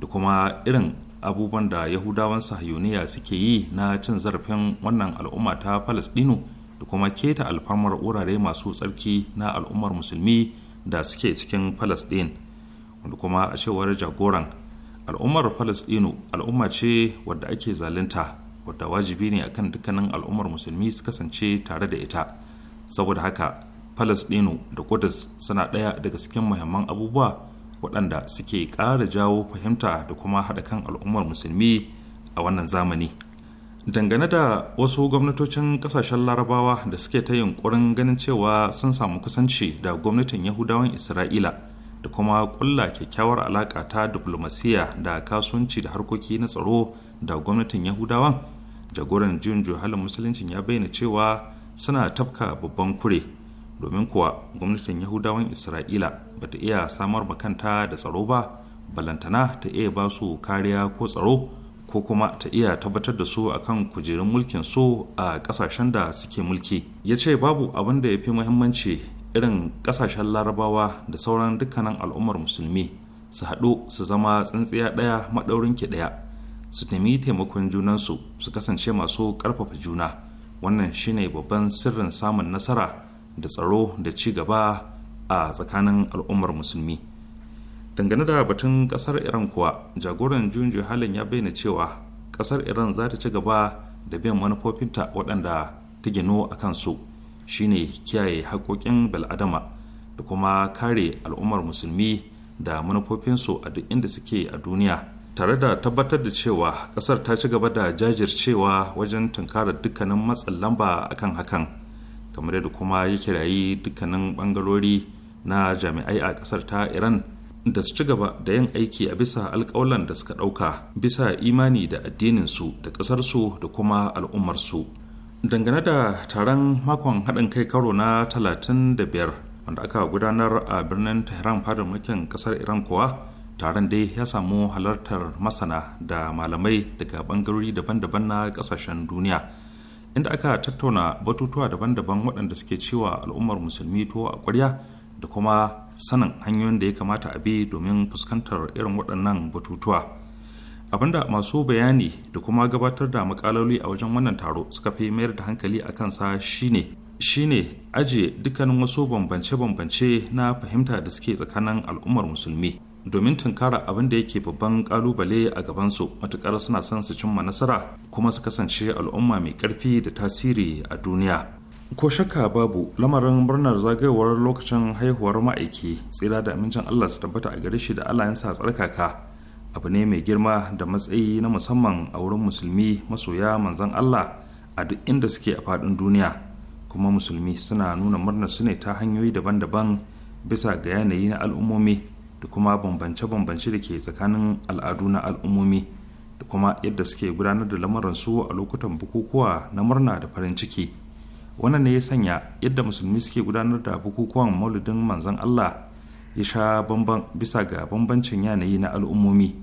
da kuma irin abubuwan da yahudawan sahiyoniya suke yi na cin zarafin wannan al'umma ta falasɗinu da kuma keta alfamar wurare masu tsarki na al'ummar musulmi da suke cikin palestine wanda kuma a cewar jagoran al'ummar palestino al'umma ce wadda ake zalunta wadda wajibi ne akan dukkanin al'ummar musulmi su kasance tare da ita saboda haka palestino da kudus suna ɗaya daga cikin muhimman abubuwa waɗanda suke ƙara jawo fahimta da kuma haɗa kan al'ummar musulmi a wannan zamani. dangane da wasu gwamnatocin kasashen larabawa da suke ta yunkurin ganin cewa sun samu kusanci da gwamnatin yahudawan isra'ila da kuma kulla kyakkyawar alaka ta diplomasiya da kasuwanci da harkoki na tsaro da gwamnatin yahudawan jagoran juyin juhalin musuluncin ya bayyana cewa suna tafka babban kure domin kuwa gwamnatin yahudawan isra'ila ba ta iya samar kanta da tsaro ba balantana ta iya ba su kariya ko tsaro ko kuma ta iya tabbatar da su akan kujerun mulkin su a kasashen da suke mulki ya ce babu abin da ya fi muhimmanci irin kasashen larabawa da sauran dukkanin al'ummar musulmi su haɗu su zama tsintsiya ɗaya maɗaurin ki ɗaya su nemi taimakon junansu su kasance masu ƙarfafa juna wannan shine babban sirrin samun nasara da tsaro da ci gaba a tsakanin al'ummar musulmi dangane da batun kasar iran kuwa jagoran junji halin ya bayyana cewa kasar iran za ta ci gaba da biyan manufofinta waɗanda ta gino a kansu shine kiyaye haƙoƙin bil'adama da kuma kare al'ummar musulmi da manufofinsu a duk inda suke a duniya tare da tabbatar da cewa kasar ta ci gaba da jajircewa wajen tunkara dukkanin matsin lamba akan hakan kamar yadda kuma ya kirayi dukkanin bangarori na jami'ai a kasar ta iran da su ci gaba da yin aiki a bisa alkawalan da suka ɗauka bisa imani da addininsu da ƙasarsu da kuma al'ummarsu dangane da taron makon haɗin kai karo na 35 wanda aka gudanar a birnin tehran fadar mulkin ƙasar iran kuwa taron dai ya samu halartar masana da malamai daga ɓangarori daban-daban na ƙasashen duniya inda aka tattauna batutuwa daban-daban waɗanda suke cewa al'ummar musulmi tuwo a ƙwarya da kuma sanin hanyoyin da ya kamata a bi domin fuskantar irin waɗannan batutuwa abinda masu bayani da kuma gabatar da makaloli a wajen wannan taro suka fi mayar da hankali a kansa shine shine aje dukkanin wasu bambance-bambance na fahimta da suke tsakanin al'ummar musulmi domin tunkara abin da yake babban kalubale a gabansu matukar suna son su cimma nasara kuma su kasance al'umma mai karfi da tasiri a duniya ko shakka babu lamarin murnar zagayowar lokacin haihuwar ma'aiki tsira da amincin allah su tabbata a gare shi da allah sa tsarkaka abu ne mai girma da matsayi na musamman a wurin musulmi masoya manzan allah a duk inda suke a faɗin duniya kuma musulmi suna nuna murnar su ne ta hanyoyi daban-daban bisa ga yanayi na al'ummomi da kuma bambance-bambance da ke tsakanin al'adu na al'ummomi da kuma yadda suke gudanar da lamarin su a lokutan bukukuwa na murna da farin ciki. wannan ne ya sanya yadda musulmi suke gudanar da bukukuwan maulidin manzon Allah ya sha bamban bisa ga bambancin yanayi na al'ummomi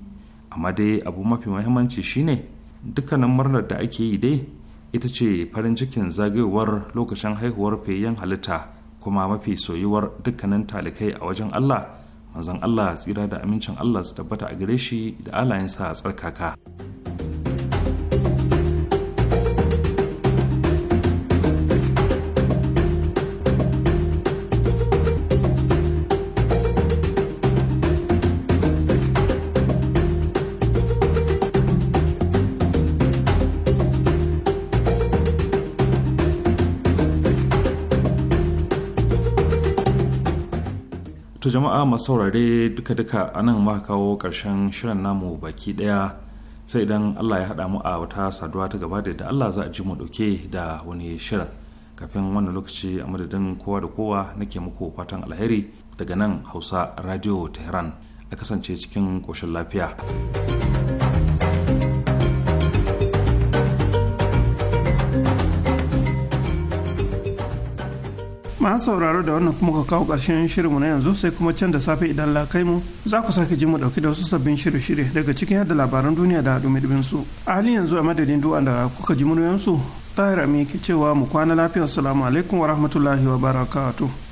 amma dai abu mafi mahimmanci shine dukkanin murnar da ake yi dai ita ce farin cikin zagayowar lokacin haihuwar fayyan halitta kuma mafi soyuwar dukkanin talikai a wajen Allah manzon Allah tsira da amincin Allah su tabbata a gare shi da alayensa a tsarkaka. jama'a masu saurare duka-duka anan ma kawo karshen shirin namu baki ɗaya sai idan allah ya haɗa mu a wata saduwa ta gaba da allah za a ji mu ɗauke da wani shirin kafin wannan lokaci a madadin kowa da kowa nake muku fatan alheri daga nan hausa radio tehran a kasance cikin koshin lafiya. an sauraro da wannan kuma ka kawo ƙarshen shirinmu na yanzu sai kuma can da safe idan lakai mu za ku sake ji mu ɗauki da wasu sabbin shirye-shirye daga cikin yadda labaran duniya da haɗu dumi su a halin yanzu a madadin du'a da kuka ji muryoyinsu ta amin ke cewa mu kwana lafiya salamu alaikum wa rahmatullahi wa barakatuh